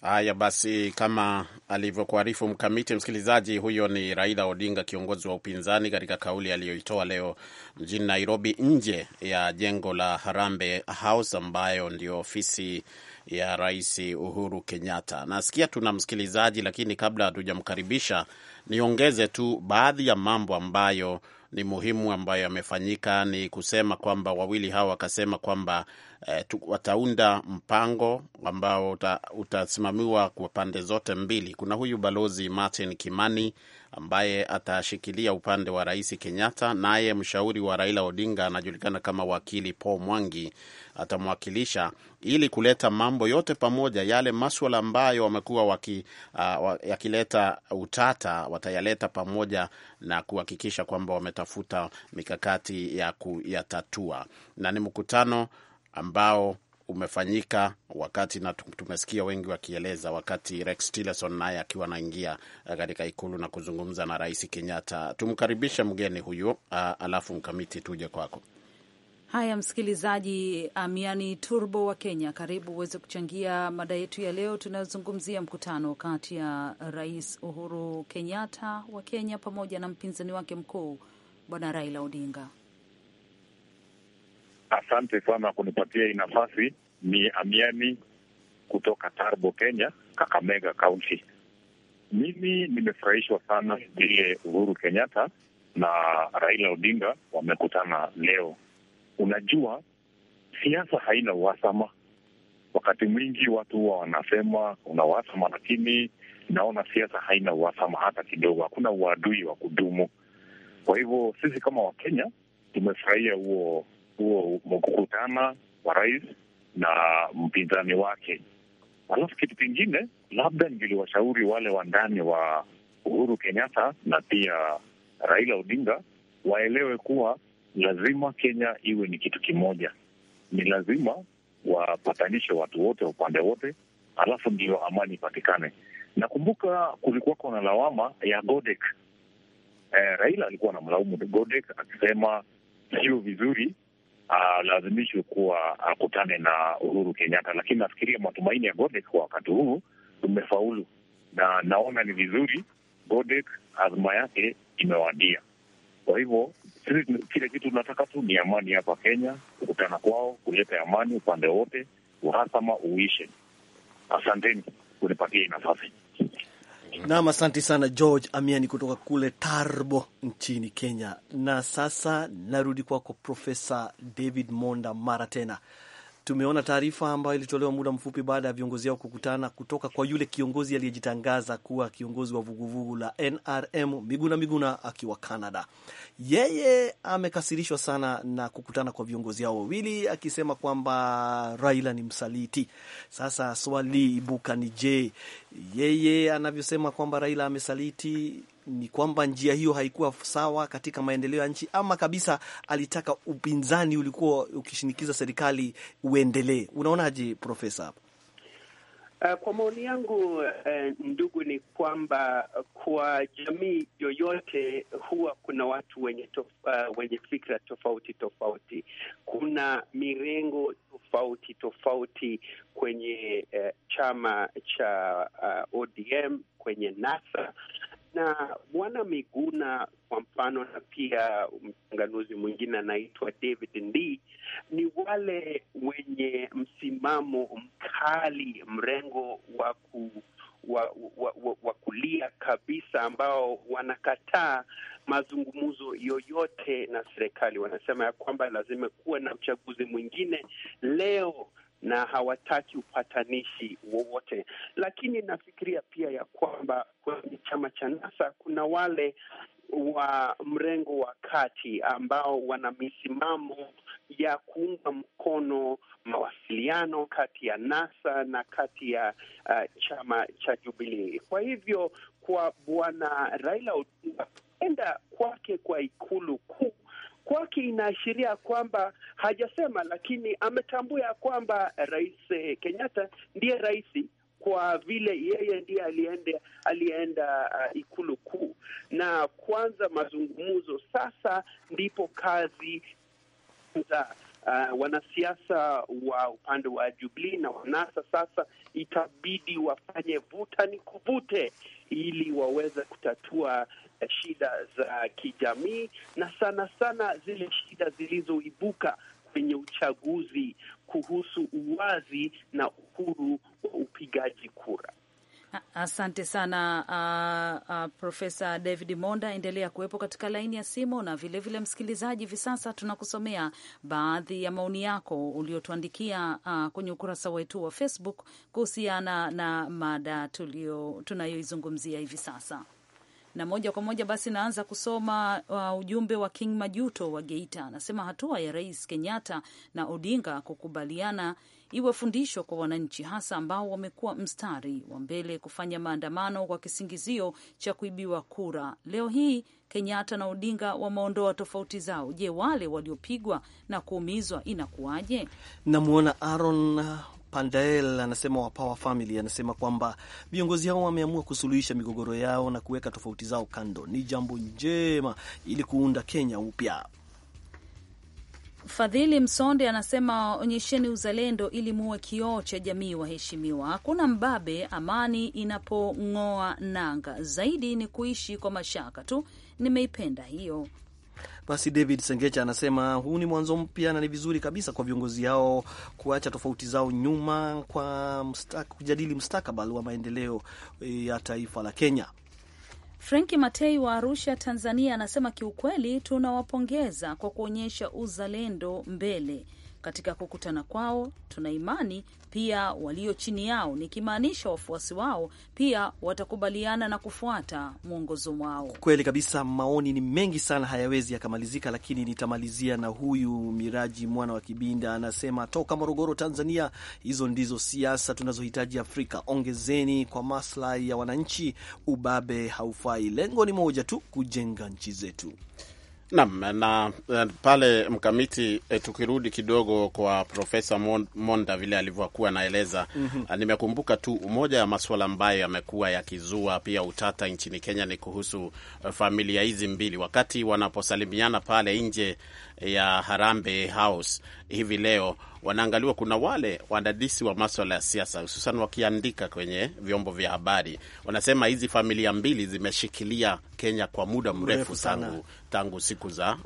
Haya basi, kama alivyokuarifu mkamiti msikilizaji, huyo ni Raila Odinga, kiongozi wa upinzani, katika kauli aliyoitoa leo mjini Nairobi, nje ya jengo la Harambee House ambayo ndio ofisi ya Rais Uhuru Kenyatta. Nasikia tuna msikilizaji, lakini kabla hatujamkaribisha, niongeze tu baadhi ya mambo ambayo ni muhimu ambayo yamefanyika. Ni kusema kwamba wawili hawa wakasema kwamba eh, wataunda mpango ambao uta, utasimamiwa kwa pande zote mbili. Kuna huyu balozi Martin Kimani ambaye atashikilia upande wa Rais Kenyatta, naye mshauri wa Raila Odinga anajulikana kama wakili Paul Mwangi atamwakilisha ili kuleta mambo yote pamoja. Yale maswala ambayo wamekuwa waki, uh, yakileta utata watayaleta pamoja na kuhakikisha kwamba wametafuta mikakati ya kuyatatua, na ni mkutano ambao umefanyika wakati na tumesikia wengi wakieleza, wakati Rex Tillerson naye akiwa anaingia eh, katika ikulu na kuzungumza na Rais Kenyatta. Tumkaribishe mgeni huyu eh, alafu mkamiti, tuje kwako. Haya, msikilizaji Amiani Turbo wa Kenya, karibu uweze kuchangia mada yetu ya leo. Tunazungumzia mkutano kati ya Rais Uhuru Kenyatta wa Kenya pamoja na mpinzani wake mkuu Bwana Raila Odinga. Asante sana kunipatia hii nafasi. Ni Amiani kutoka Tarbo, Kenya, Kakamega Kaunti. Mimi nimefurahishwa sana vile Uhuru Kenyatta na Raila Odinga wamekutana leo. Unajua, siasa haina uhasama. Wakati mwingi watu huwa wanasema una uhasama, lakini naona siasa haina uhasama hata kidogo. Hakuna uadui wa kudumu. Kwa hivyo sisi kama Wakenya tumefurahia huo huo mkutana wa rais na mpinzani wake. Alafu kitu kingine labda ningeliwashauri wale wandani wa Uhuru Kenyatta na pia Raila Odinga waelewe kuwa lazima Kenya iwe ni kitu kimoja, ni lazima wapatanishe watu wote upande wote, alafu ndio amani ipatikane. Nakumbuka kulikuwako na lawama ya Godek. Eh, Raila alikuwa anamlaumu Godek akisema sio vizuri alazimishwe kuwa akutane na Uhuru Kenyatta, lakini nafikiria matumaini ya Godek kwa wakati huu tumefaulu, na naona ni vizuri Godek azma yake imewadia. Kwa hivyo sisi kile kitu tunataka tu ni amani hapa Kenya, kukutana kwao kuleta amani upande wote, uhasama uishe. Asanteni kunipatia nafasi. Nam, asante sana George Amiani kutoka kule Tarbo nchini Kenya. Na sasa narudi kwako Profesa David Monda mara tena. Tumeona taarifa ambayo ilitolewa muda mfupi baada ya viongozi hao kukutana, kutoka kwa yule kiongozi aliyejitangaza kuwa kiongozi wa vuguvugu la NRM Miguna Miguna akiwa Canada. Yeye amekasirishwa sana na kukutana kwa viongozi hao wawili, akisema kwamba Raila ni msaliti. Sasa swali ibuka ni je, yeye anavyosema kwamba Raila amesaliti ni kwamba njia hiyo haikuwa sawa katika maendeleo ya nchi, ama kabisa alitaka upinzani ulikuwa ukishinikiza serikali uendelee. Unaonaje Profesa hapa? Uh, kwa maoni yangu eh, ndugu, ni kwamba eh, kwa jamii yoyote huwa kuna watu wenye, tof, uh, wenye fikra tofauti tofauti. Kuna mirengo tofauti tofauti kwenye eh, chama cha uh, ODM kwenye NASA na Bwana Miguna kwa mfano, na pia mchanganuzi mwingine anaitwa David Ndii, ni wale wenye msimamo hali mrengo wa ku wa, wa, wa, wa kulia kabisa ambao wanakataa mazungumzo yoyote na serikali. Wanasema ya kwamba lazima kuwe na uchaguzi mwingine leo na hawataki upatanishi wowote. Lakini nafikiria pia ya kwamba kwenye chama cha NASA kuna wale wa mrengo wa kati ambao wana misimamo ya kuunga mkono mawasiliano kati ya NASA na kati ya uh, chama cha jubilii Kwa hivyo kwa bwana Raila Odinga enda kwake kwa ikulu kuu kwake inaashiria kwamba hajasema, lakini ametambua ya kwamba Rais Kenyatta ndiye rais kwa vile yeye ndiye aliende, alienda uh, ikulu kuu na kwanza mazungumzo. Sasa ndipo kazi za uh, wanasiasa wa upande wa Jubilee na wanasa sasa itabidi wafanye vuta ni kuvute ili waweze kutatua uh, shida za kijamii na sana sana zile shida zilizoibuka kwenye uchaguzi kuhusu uwazi na uhuru wa upigaji kura. Asante sana uh, uh, Profesa David Monda, endelea kuwepo katika laini ya simu na vilevile vile msikilizaji, hivi sasa tunakusomea baadhi ya maoni yako uliotuandikia uh, kwenye ukurasa wetu wa Facebook kuhusiana na mada tunayoizungumzia hivi sasa na moja kwa moja basi naanza kusoma uh, ujumbe wa King Majuto wa Geita. Anasema hatua ya Rais Kenyatta na Odinga kukubaliana iwe fundisho kwa wananchi, hasa ambao wamekuwa mstari wa mbele kufanya maandamano kwa kisingizio cha kuibiwa kura. Leo hii Kenyatta na Odinga wameondoa tofauti zao. Je, wale waliopigwa na kuumizwa inakuwaje? Namwona Aaron uh, Pandael anasema wa Power Family anasema kwamba viongozi hao wameamua kusuluhisha migogoro yao na kuweka tofauti zao kando. Ni jambo njema ili kuunda Kenya upya. Fadhili Msonde anasema onyesheni uzalendo ili muwe kioo cha jamii, waheshimiwa. Hakuna mbabe. Amani inapong'oa nanga zaidi ni kuishi kwa mashaka tu. Nimeipenda hiyo. Basi David Sengecha anasema huu ni mwanzo mpya na ni vizuri kabisa kwa viongozi hao kuacha tofauti zao nyuma kwa mstaka, kujadili mustakabali wa maendeleo e, ya taifa la Kenya. Frenki Matei wa Arusha, Tanzania, anasema kiukweli tunawapongeza kwa kuonyesha uzalendo mbele katika kukutana kwao, tuna imani pia walio chini yao, nikimaanisha wafuasi wao, pia watakubaliana na kufuata mwongozo wao. Kweli kabisa, maoni ni mengi sana, hayawezi yakamalizika, lakini nitamalizia na huyu Miraji mwana wa Kibinda, anasema toka Morogoro, Tanzania, hizo ndizo siasa tunazohitaji Afrika. Ongezeni kwa maslahi ya wananchi, ubabe haufai. Lengo ni moja tu, kujenga nchi zetu. Naam, na eh, pale mkamiti eh, tukirudi kidogo kwa Profesa Monda vile alivyokuwa anaeleza mm -hmm. Nimekumbuka tu moja ya masuala ambayo yamekuwa yakizua pia utata nchini Kenya ni kuhusu eh, familia hizi mbili wakati wanaposalimiana pale nje ya Harambee House hivi leo wanaangaliwa. Kuna wale wadadisi wa maswala ya siasa, hususan wakiandika kwenye vyombo vya habari, wanasema hizi familia mbili zimeshikilia Kenya kwa muda mrefu tangu, tangu siku za wa,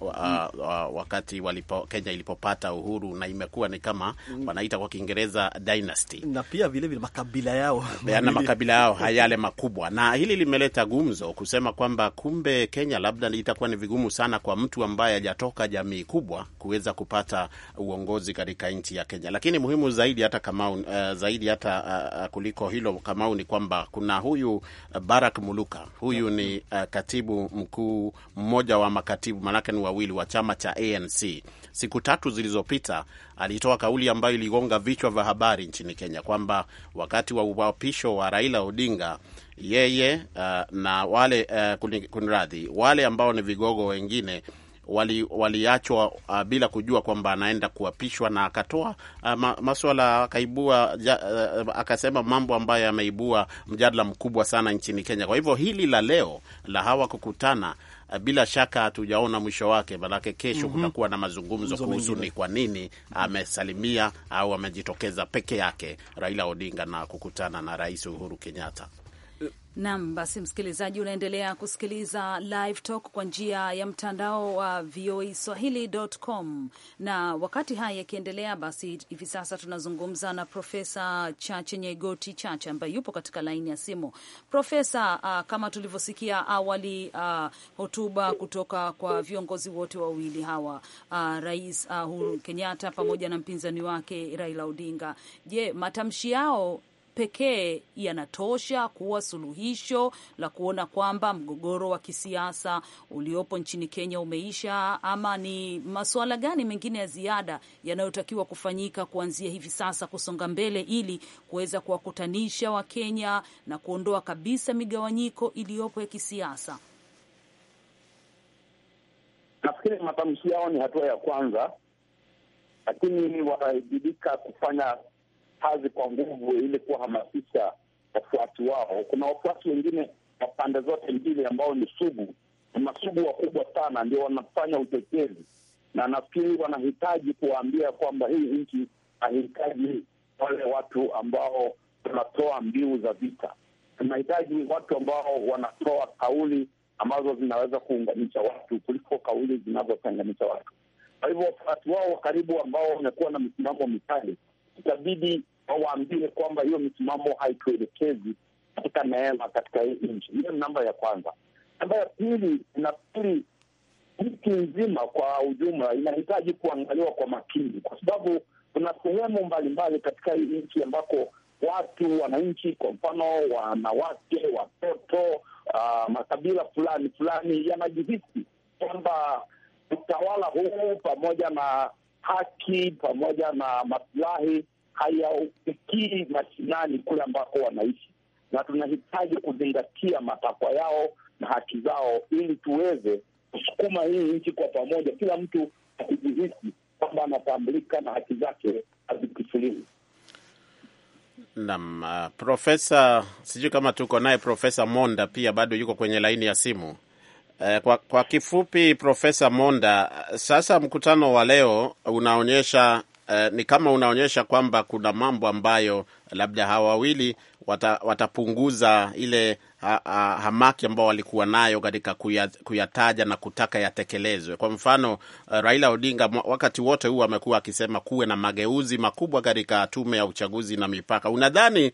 mm. wa, wa, wakati walipo, Kenya ilipopata uhuru na imekuwa ni kama mm. wanaita kwa Kiingereza dynasty, na pia vilevile makabila yao (laughs) na yaani makabila yao hayale makubwa, na hili limeleta gumzo kusema kwamba kumbe Kenya labda itakuwa ni vigumu sana kwa mtu ambaye hajatoka jamii kubwa kuweza kupata uongozi katika nchi ya Kenya. Lakini muhimu zaidi hata kama uh, eh, zaidi hata uh, kuliko hilo Kamau, ni kwamba kuna huyu Barak Muluka, huyu ni uh, katibu mkuu mmoja wa makatibu, maanake ni wawili wa chama cha ANC. Siku tatu zilizopita alitoa kauli ambayo iligonga vichwa vya habari nchini Kenya kwamba wakati wa uapisho wa Raila Odinga yeye uh, na wale uh, kunradhi, wale ambao ni vigogo wengine waliachwa wali uh, bila kujua kwamba anaenda kuapishwa, na akatoa uh, ma, maswala akaibua ja, uh, akasema mambo ambayo yameibua mjadala mkubwa sana nchini Kenya. Kwa hivyo hili la leo la hawa kukutana uh, bila shaka hatujaona mwisho wake, manake kesho mm -hmm. kutakuwa na mazungumzo kuhusu ni kwa nini amesalimia au amejitokeza peke yake Raila Odinga na kukutana na Rais Uhuru Kenyatta. Nam, basi msikilizaji, unaendelea kusikiliza Live Talk kwa njia ya mtandao wa VOA Swahili.com. Na wakati haya yakiendelea, basi hivi sasa tunazungumza na Profesa Chache nyegoti Chache ambaye yupo katika laini ya simu. Profesa, uh, kama tulivyosikia awali uh, hotuba kutoka kwa viongozi wote wawili hawa, uh, Rais Uhuru Kenyatta pamoja na mpinzani wake Raila Odinga, je, matamshi yao pekee yanatosha kuwa suluhisho la kuona kwamba mgogoro wa kisiasa uliopo nchini Kenya umeisha, ama ni masuala gani mengine ya ziada yanayotakiwa kufanyika kuanzia hivi sasa kusonga mbele ili kuweza kuwakutanisha Wakenya na kuondoa kabisa migawanyiko iliyopo ya kisiasa? Nafikiri matamshi yao ni hatua ya kwanza, lakini wanaibidika kufanya kazi kwa nguvu ili kuwahamasisha wafuasi wao. Kuna wafuasi wengine wa pande zote mbili ambao ni sugu, ni masugu wakubwa sana, ndio wanafanya uchochezi, na nafikiri wanahitaji kuwaambia kwamba hii nchi hahitaji wale watu ambao wanatoa mbiu za vita. Tunahitaji watu ambao wanatoa kauli ambazo zinaweza kuunganisha watu kuliko kauli zinazotenganisha watu. Kwa hivyo wafuasi wao wa karibu ambao wamekuwa na misimamo mikali, itabidi waambie kwamba hiyo misimamo haituelekezi katika neema katika hii nchi. Hiyo ni namba ya kwanza. Namba ya pili, nafikiri nchi nzima kwa ujumla inahitaji kuangaliwa kwa makini, kwa sababu kuna sehemu mbalimbali katika hii nchi ambako watu wananchi, kwa mfano wanawake, watoto, uh, makabila fulani fulani yanajihisi kwamba utawala huu pamoja na haki pamoja na masilahi hayaufikii mashinani kule ambako wanaishi, na tunahitaji kuzingatia matakwa yao na haki zao, ili tuweze kusukuma hii nchi kwa pamoja, kila mtu akijihisi kwamba anatambulika na haki zake hazikuchukuliwi. Naam, uh, Profesa, sijui kama tuko naye Profesa Monda pia bado yuko kwenye laini ya simu. Eh, kwa, kwa kifupi Profesa Monda, sasa mkutano wa leo unaonyesha Eh, ni kama unaonyesha kwamba kuna mambo ambayo labda hawa wawili wata, watapunguza ile ha, ha, hamaki ambao walikuwa nayo katika kuyataja na kutaka yatekelezwe. Kwa mfano, eh, Raila Odinga wakati wote huu amekuwa akisema kuwe na mageuzi makubwa katika tume ya uchaguzi na mipaka. Unadhani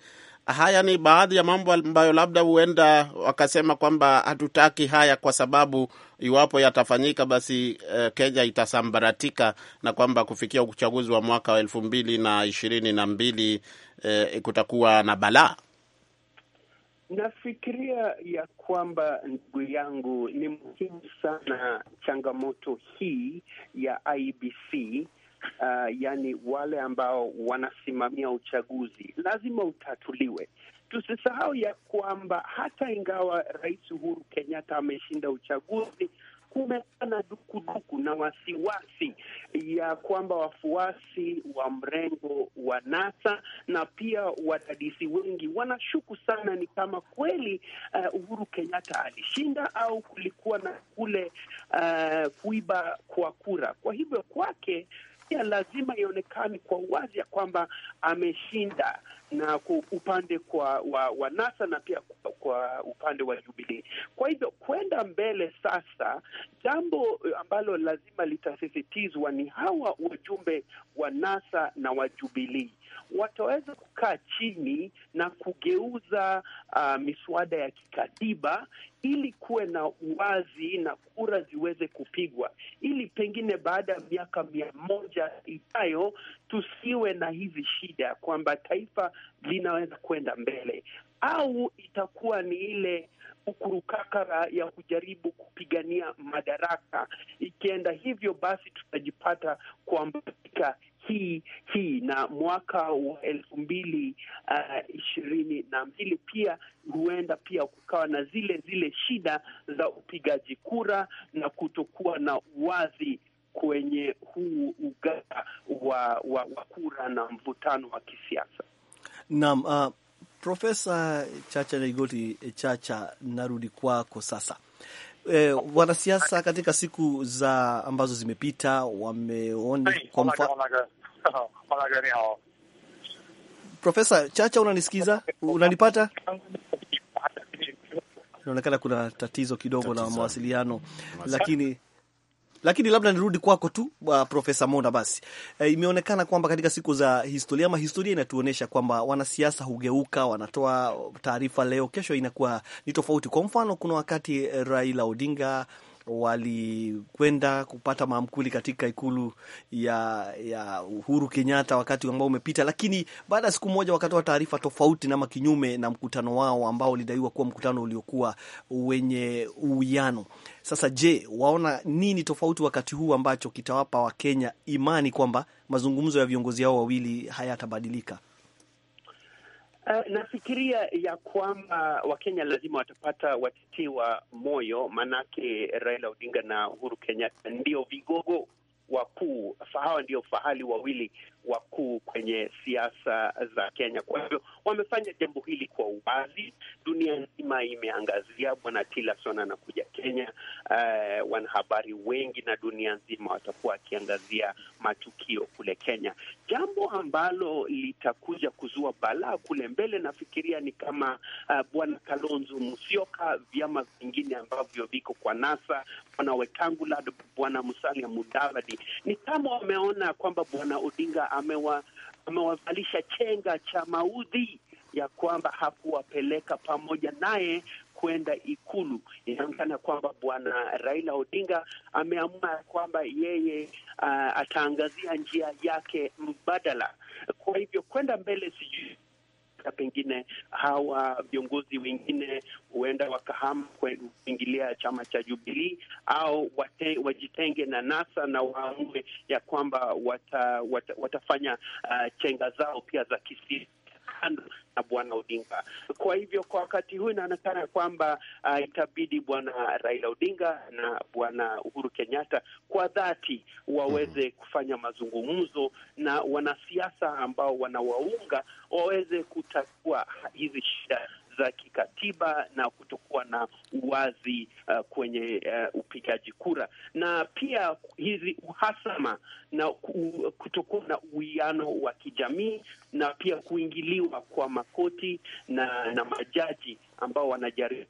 haya ni baadhi ya mambo ambayo labda huenda wakasema kwamba hatutaki haya kwa sababu iwapo yatafanyika basi eh, Kenya itasambaratika na kwamba kufikia uchaguzi wa mwaka wa elfu mbili na ishirini na mbili eh, kutakuwa na balaa. Nafikiria ya kwamba ndugu yangu, ni muhimu sana changamoto hii ya IBC uh, yani wale ambao wanasimamia uchaguzi lazima utatuliwe. Tusisahau ya kwamba hata ingawa Rais Uhuru Kenyatta ameshinda uchaguzi kumekuwa na dukuduku na wasiwasi ya kwamba wafuasi wa mrengo wa NASA na pia wadadisi wengi wanashuku sana ni kama kweli uh, Uhuru Kenyatta alishinda au kulikuwa na kule uh, kuiba kwa kura. Kwa hivyo kwake pia lazima ionekane kwa uwazi ya kwamba ameshinda na kwa upande kwa wa, wa NASA na pia kwa, kwa upande wa Jubilee. Kwa hivyo kwenda mbele sasa, jambo eh, ambalo lazima litasisitizwa ni hawa wajumbe wa NASA na wa Jubilee wataweza kukaa chini na kugeuza uh, miswada ya kikatiba ili kuwe na uwazi na kura ziweze kupigwa, ili pengine baada ya miaka mia moja ijayo tusiwe na hizi shida kwamba taifa linaweza kwenda mbele, au itakuwa ni ile ukurukakara ya kujaribu kupigania madaraka. Ikienda hivyo, basi tutajipata kuambatika hii hii na mwaka wa elfu mbili uh, ishirini na mbili pia huenda pia kukawa na zile zile shida za upigaji kura na kutokuwa na uwazi kwenye huu ugaa wa, wa, wa kura na mvutano wa kisiasa. Naam, uh, Profesa Chacha Naigoti eh, Chacha, narudi kwako sasa. E, wanasiasa katika siku za ambazo zimepita wameona kwa mfano (laughs) Profesa Chacha, unanisikiza? Unanipata? (laughs) Inaonekana kuna tatizo kidogo tatizo la mawasiliano, lakini lakini labda nirudi kwako tu uh, Profesa Monda basi. E, imeonekana kwamba katika siku za historia ama historia inatuonyesha kwamba wanasiasa hugeuka, wanatoa taarifa leo, kesho inakuwa ni tofauti. Kwa mfano, kuna wakati eh, Raila Odinga walikwenda kupata maamkuli katika ikulu ya, ya Uhuru Kenyatta wakati ambao umepita, lakini baada ya siku moja wakatoa taarifa tofauti na kinyume na mkutano wao ambao ulidaiwa kuwa mkutano uliokuwa wenye uwiano. Sasa je, waona nini tofauti wakati huu ambacho kitawapa Wakenya imani kwamba mazungumzo ya viongozi hao wawili hayatabadilika? Uh, nafikiria ya kwamba Wakenya lazima watapata watiti wa moyo, maanake Raila Odinga na Uhuru Kenyatta ndio vigogo wakuu. Hawa ndio fahali wawili wakuu kwenye siasa za Kenya. Kwa hivyo wamefanya jambo hili kwa uwazi, dunia nzima imeangazia. Bwana Tillerson anakuja Kenya. Uh, wanahabari wengi na dunia nzima watakuwa wakiangazia matukio kule Kenya, jambo ambalo litakuja kuzua balaa kule mbele. Nafikiria ni kama uh, bwana Kalonzo Musyoka, vyama vingine ambavyo viko kwa NASA, bwana Wetangula, bwana Musalia Mudavadi ni kama wameona kwamba Bwana Odinga amewa, amewavalisha chenga cha maudhi ya kwamba hakuwapeleka pamoja naye kwenda Ikulu. Inaonekana kwamba bwana Raila Odinga ameamua ya kwamba yeye uh, ataangazia njia yake mbadala. Kwa hivyo kwenda mbele, sijui hata pengine hawa viongozi wengine huenda wakahama kuingilia chama cha Jubilii au wate, wajitenge na NASA na waamue ya kwamba wata, wata, watafanya uh, chenga zao pia za kisiasa kando na bwana Odinga. Kwa hivyo kwa wakati huu inaonekana kwamba uh, itabidi bwana Raila Odinga na bwana Uhuru Kenyatta kwa dhati waweze mhm. kufanya mazungumzo na wanasiasa ambao wanawaunga waweze kutatua hizi shida za kikatiba na kutokuwa na uwazi uh, kwenye uh, upigaji kura na pia hizi uhasama na kutokuwa na uwiano wa kijamii na pia kuingiliwa kwa makoti na, na majaji ambao wanajaribu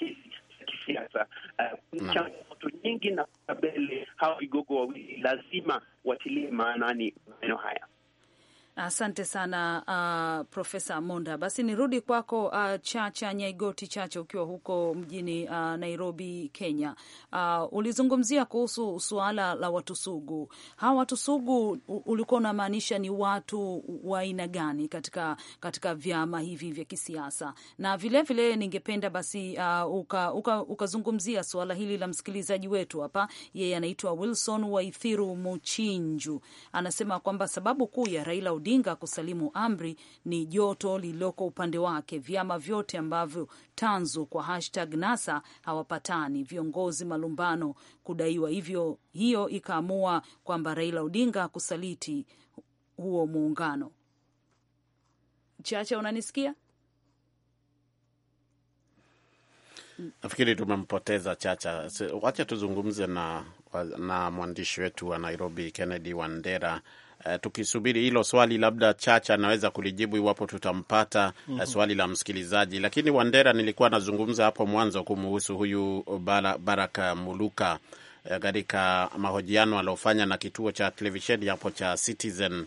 za kisiasa uh, hmm. changamoto nyingi na kabele hawa vigogo wawili lazima watilie maanani maneno haya. Asante sana uh, Profesa Monda. Basi nirudi kwako uh, Chacha Nyaigoti Chacha, ukiwa huko mjini uh, Nairobi, Kenya. Uh, ulizungumzia kuhusu suala la watu sugu. Hawa watu sugu ulikuwa unamaanisha ni watu wa aina gani katika, katika vyama hivi vya kisiasa? Na vilevile vile ningependa basi uh, ukazungumzia uka, uka suala hili la msikilizaji wetu hapa, yeye anaitwa Wilson Waithiru Muchinju, anasema kwamba sababu kuu ya Raila Odinga kusalimu amri ni joto lililoko upande wake, vyama vyote ambavyo tanzu kwa hashtag NASA hawapatani, viongozi malumbano kudaiwa, hivyo hiyo ikaamua kwamba Raila Odinga kusaliti huo muungano. Chacha, unanisikia? Nafikiri tumempoteza Chacha. Wacha tuzungumze na, na mwandishi wetu wa Nairobi Kennedy Wandera Uh, tukisubiri hilo swali, labda Chacha anaweza kulijibu iwapo tutampata. mm -hmm. Swali la msikilizaji, lakini Wandera, nilikuwa nazungumza hapo mwanzo kumuhusu huyu Baraka Muluka eh, katika mahojiano aliofanya na kituo cha televisheni hapo cha Citizen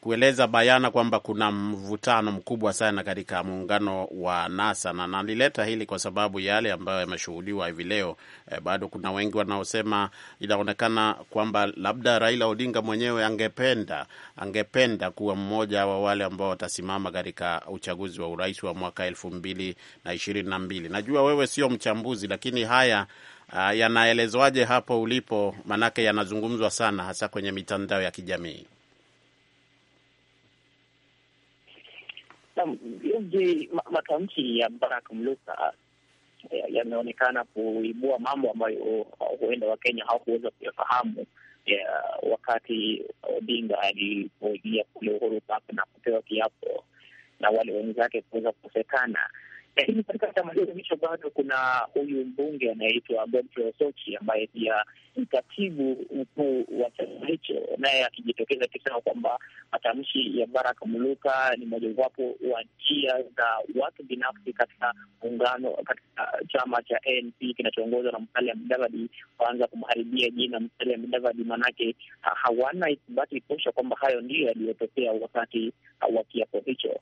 kueleza bayana kwamba kuna mvutano mkubwa sana katika muungano wa NASA, na nalileta hili kwa sababu yale ambayo yameshuhudiwa hivi leo eh, bado kuna wengi wanaosema inaonekana kwamba labda Raila Odinga mwenyewe angependa angependa kuwa mmoja wa wale ambao watasimama katika uchaguzi wa urais wa mwaka elfu mbili na ishirini na mbili. Najua wewe sio mchambuzi, lakini haya Uh, yanaelezwaje hapo ulipo? Maanake yanazungumzwa sana hasa kwenye mitandao ya kijamii. matamshi ya Barack Mluka eh, yameonekana kuibua mambo ambayo huenda Wakenya hawakuweza kuyafahamu wakati Odinga alipoingia kule Uhuru Park na kupewa kiapo na wale wenzake kuweza kukosekana. Eh, lakini katika chama hicho hicho bado kuna huyu mbunge anayeitwa Godfrey Osochi ambaye pia ni katibu mkuu wa chama hicho, naye akijitokeza akisema kwamba matamshi ya Baraka Muluka ni mojawapo wa njia za watu binafsi katika muungano, katika chama cha ANC kinachoongozwa na Musalia Mudavadi kuanza kumharibia jina Musalia Mudavadi, maanake hawana ithibati tosha kwamba hayo ndiyo yaliyotokea wakati wa kiapo hicho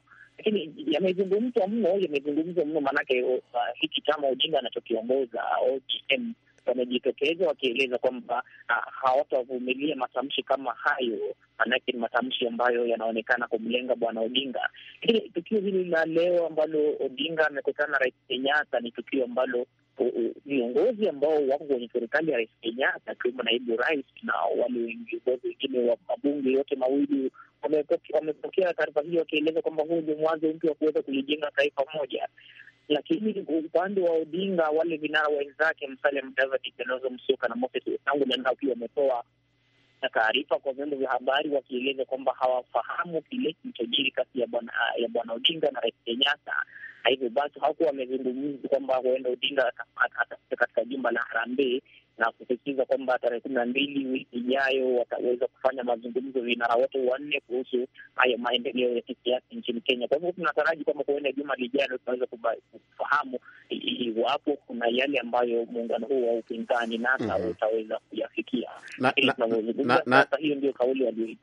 lakini yamezungumzwa mno, yamezungumzwa mno, maanake uh, hiki chama Odinga anachokiongoza OGM wamejitokeza wakieleza kwamba uh, hawatavumilia matamshi kama hayo, manake ni matamshi ambayo yanaonekana kumlenga bwana Odinga. Lakini tukio hili la leo ambalo Odinga amekutana na rais Kenyatta ni tukio ambalo viongozi ambao wako kwenye serikali ya Rais Kenyatta akiwemo naibu rais na wale viongozi wengine wa mabunge yote mawili wamepokea taarifa hiyo, wakieleza kwamba huu ndio mwanzo mpya wa kuweza kulijenga taifa moja. Lakini upande wa Odinga, wale vinara wenzake Musalia Mudavadi, Kalonzo Musyoka na Moses Wetangula pia wametoa na taarifa kwa vyombo vya habari wakieleza kwamba hawafahamu kile kilichojiri kati ya bwana ya bwana Odinga na rais Kenyatta, Hivyo basi hawakuwa wamezungumzi kwamba huenda Odinga atafika katika jumba la Harambee na kusisitiza kwamba tarehe kumi na mbili wiki ijayo wataweza kufanya mazungumzo vinara wote wanne kuhusu haya maendeleo ya kisiasa nchini Kenya. Kwa hivyo tunataraji kwamba kuenda juma lijalo tunaweza kufahamu iwapo kuna yale ambayo muungano huu wa upinzani NASA mhm. utaweza kuyafikia. sasa, hiyo ndio kauli walioita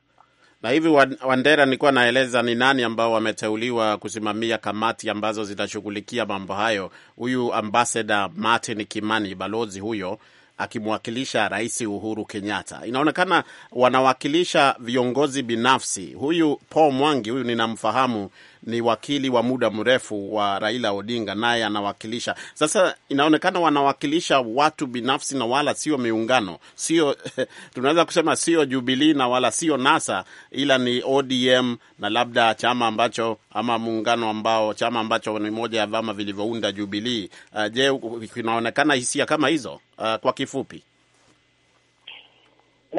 na hivi Wandera, nilikuwa naeleza ni nani ambao wameteuliwa kusimamia kamati ambazo zitashughulikia mambo hayo. Huyu ambassador Martin Kimani, balozi huyo akimwakilisha Rais Uhuru Kenyatta, inaonekana wanawakilisha viongozi binafsi. Huyu Paul Mwangi, huyu ninamfahamu ni wakili wa muda mrefu wa Raila Odinga, naye anawakilisha sasa. Inaonekana wanawakilisha watu binafsi na wala sio miungano, sio (laughs) tunaweza kusema sio Jubilee na wala sio NASA, ila ni ODM na labda chama ambacho ama muungano ambao chama ambacho ni moja ya vyama vilivyounda Jubilee. Uh, je, kinaonekana hisia kama hizo? Uh, kwa kifupi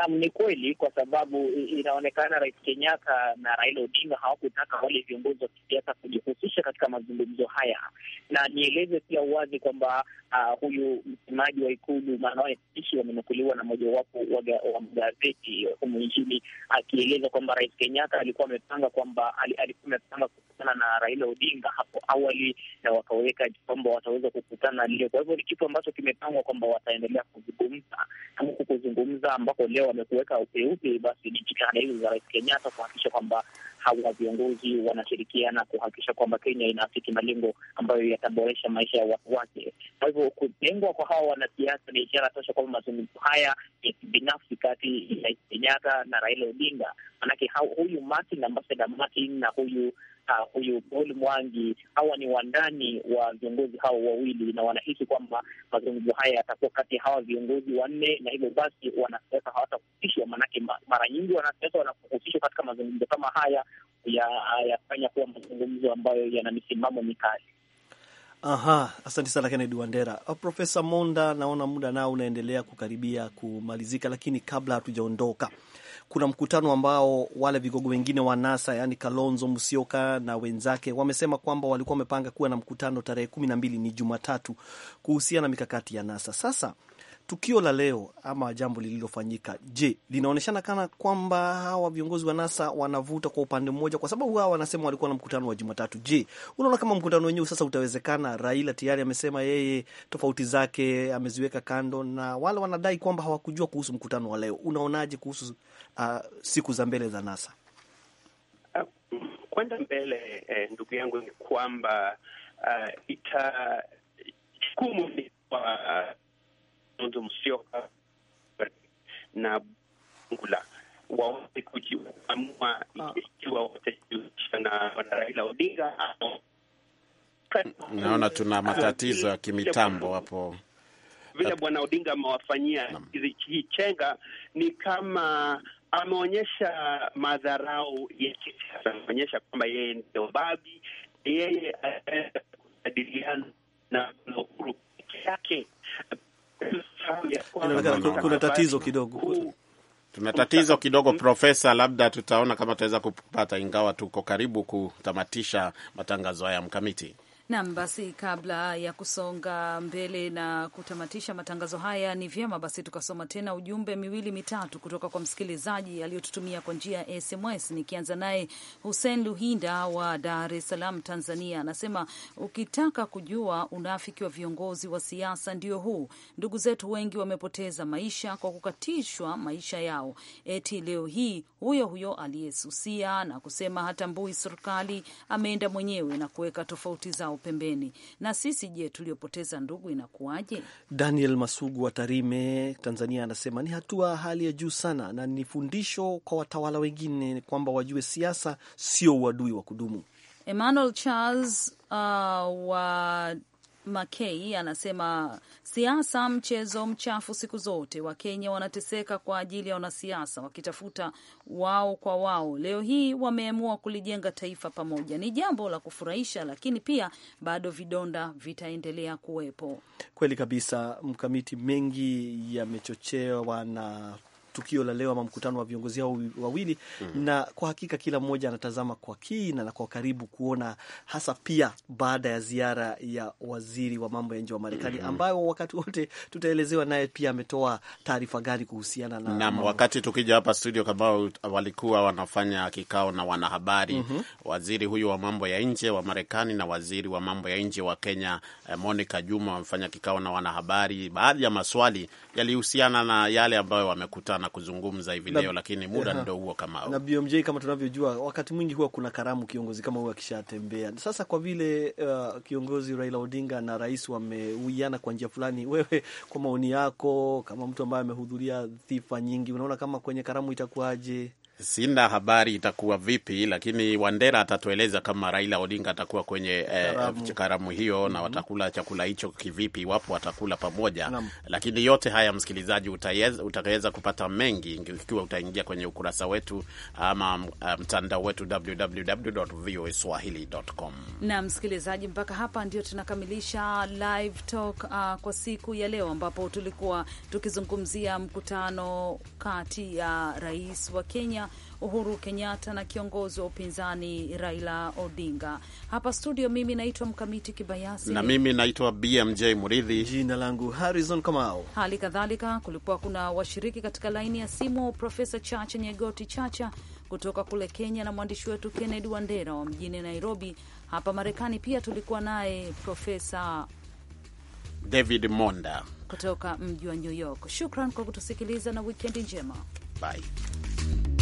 Naam, ni kweli, kwa sababu inaonekana Rais Kenyatta na Raila Odinga hawakutaka wale viongozi wa kisiasa kujihusisha katika mazungumzo haya, na nieleze pia uwazi kwamba uh, huyu msemaji wa Ikulu Manoah Esipisu wamenukuliwa na mojawapo wa magazeti humu nchini akieleza kwamba Rais Kenyatta alikuwa amepanga kwamba alikuwa amepanga kukutana na Raila Odinga hapo awali na wakaweka kwamba wataweza kukutana leo. Kwa hivyo ni kitu ambacho kimepangwa kwamba wataendelea kuzungumza, huku kuzungumza ambako leo wamekuweka upeupe, basi ni jitihada hizo za Rais Kenyatta kuhakikisha kwamba hawa viongozi wanashirikiana kuhakikisha kwamba Kenya inafiki malengo ambayo yataboresha maisha ya watu wake. Kwa hivyo kutengwa kwa hawa wanasiasa ni ishara tosha kwamba mazungumzo haya ya kibinafsi kati ya Rais Kenyatta na Raila Odinga, manake huyu Martin ambasada Martin na huyu uh, huyu Paul Mwangi. Hawa ni wandani wa viongozi hao wawili, na wanahisi kwamba mazungumzo haya yatakuwa kati ya hawa viongozi wanne, na hivyo basi wanasiasa hawatahusishwa, maanake mara nyingi wanasiasa wanapohusishwa katika mazungumzo kama haya yafanya ya kuwa mazungumzo ambayo yana misimamo mikali. Aha, asante sana Kennedy Wandera. Uh, Profesa Monda, naona muda nao unaendelea kukaribia kumalizika, lakini kabla hatujaondoka kuna mkutano ambao wale vigogo wengine wa NASA yani Kalonzo Musyoka na wenzake wamesema kwamba walikuwa wamepanga kuwa na mkutano tarehe kumi na mbili ni Jumatatu, kuhusiana na mikakati ya NASA. Sasa tukio la leo ama jambo lililofanyika, je, linaonyeshana kana kwamba hawa viongozi wa NASA wanavuta kwa upande mmoja, kwa sababu hawa wanasema walikuwa na mkutano wa Jumatatu. Je, unaona kama mkutano wenyewe sasa utawezekana? Raila tayari amesema yeye tofauti zake ameziweka kando, na wale wanadai kwamba hawakujua kuhusu mkutano wa leo. Unaonaje kuhusu uh, siku za mbele za NASA uh, kwenda mbele eh, ndugu yangu ni kwamba uh, ita jukumu ni kwa uh, Musyoka na Bungula waweze kujiamua ikiwa watajihusisha na bwana Raila Odinga au Naona tuna matatizo ya kimitambo hapo. Vile bwana Odinga amewafanyia hizi ni kama ameonyesha madharau ya kisiasa, ameonyesha kwamba yeye ndio babi, yeye anaweza kujadiliana na uhuru peke yake. Kuna tatizo kidogo tuna tatizo kidogo Profesa, labda tutaona kama tutaweza kupata, ingawa tuko karibu kutamatisha matangazo haya mkamiti Nam, basi kabla ya kusonga mbele na kutamatisha matangazo haya, ni vyema basi tukasoma tena ujumbe miwili mitatu kutoka kwa msikilizaji aliyotutumia kwa njia ya SMS. Nikianza naye Hussein Luhinda wa Dar es Salaam, Tanzania, anasema ukitaka kujua unafiki wa viongozi wa siasa ndio huu. Ndugu zetu wengi wamepoteza maisha kwa kukatishwa maisha yao, eti leo hii huyo huyo aliyesusia na kusema hatambui serikali ameenda mwenyewe na kuweka tofauti zao pembeni. Na sisi je, tuliopoteza ndugu inakuwaje? Daniel Masugu wa Tarime, Tanzania, anasema ni hatua hali ya juu sana na ni fundisho kwa watawala wengine kwamba wajue siasa sio uadui wa kudumu. Emmanuel Charles uh, wa Makei anasema siasa mchezo mchafu siku zote. Wakenya wanateseka kwa ajili ya wanasiasa wakitafuta wao kwa wao. Leo hii wameamua kulijenga taifa pamoja, ni jambo la kufurahisha, lakini pia bado vidonda vitaendelea kuwepo. Kweli kabisa, Mkamiti, mengi yamechochewa na tukio la leo ama mkutano wa viongozi hao wawili mm -hmm. na kwa hakika kila mmoja anatazama kwa kina na kwa karibu kuona hasa pia baada ya ziara ya waziri wa mambo ya nje wa Marekani mm -hmm. ambayo wakati wote tutaelezewa naye pia ametoa taarifa gani kuhusiana na nam wakati tukija hapa studio kabao walikuwa wanafanya kikao na wanahabari mm -hmm. waziri huyu wa mambo ya nje wa Marekani na waziri wa mambo ya nje wa Kenya eh, Monica Juma wamefanya kikao na wanahabari. Baadhi ya maswali yalihusiana na yale ambayo wamekutana sana kuzungumza hivi leo, lakini muda ndio huo kama Na BMJ, kama tunavyojua, wakati mwingi huwa kuna karamu kiongozi kama huyo akishatembea. Sasa kwa vile uh, kiongozi Raila Odinga na rais wameuiana kwa njia fulani, (laughs) wewe kwa maoni yako, kama mtu ambaye amehudhuria dhifa nyingi, unaona kama kwenye karamu itakuwaje? Sina habari itakuwa vipi, lakini Wandera atatueleza kama Raila Odinga atakuwa kwenye karamu, eh, karamu hiyo mm -hmm. na mhm. watakula chakula hicho kivipi, iwapo watakula pamoja Naam. Lakini yote haya msikilizaji, utaweza kupata mengi ikiwa utaingia kwenye ukurasa wetu ama eh, mtandao um, wetu www.voaswahili.com. Na msikilizaji, mpaka hapa ndio tunakamilisha live talk uh, kwa siku ya leo ambapo tulikuwa tukizungumzia mkutano kati ya rais wa Kenya Uhuru Kenyatta na kiongozi wa upinzani Raila Odinga. Hapa studio, mimi naitwa Mkamiti Kibayasi na mimi naitwa BMJ Muridhi. Jina langu Harrison Kamau. Hali kadhalika kulikuwa kuna washiriki katika laini ya simu, Profesa Chacha Nyegoti Chacha kutoka kule Kenya na mwandishi wetu Kennedy Wandera wa mjini Nairobi. Hapa Marekani pia tulikuwa naye Profesa David Monda kutoka mji wa New York. Shukran kwa kutusikiliza na wikendi njema. Bye.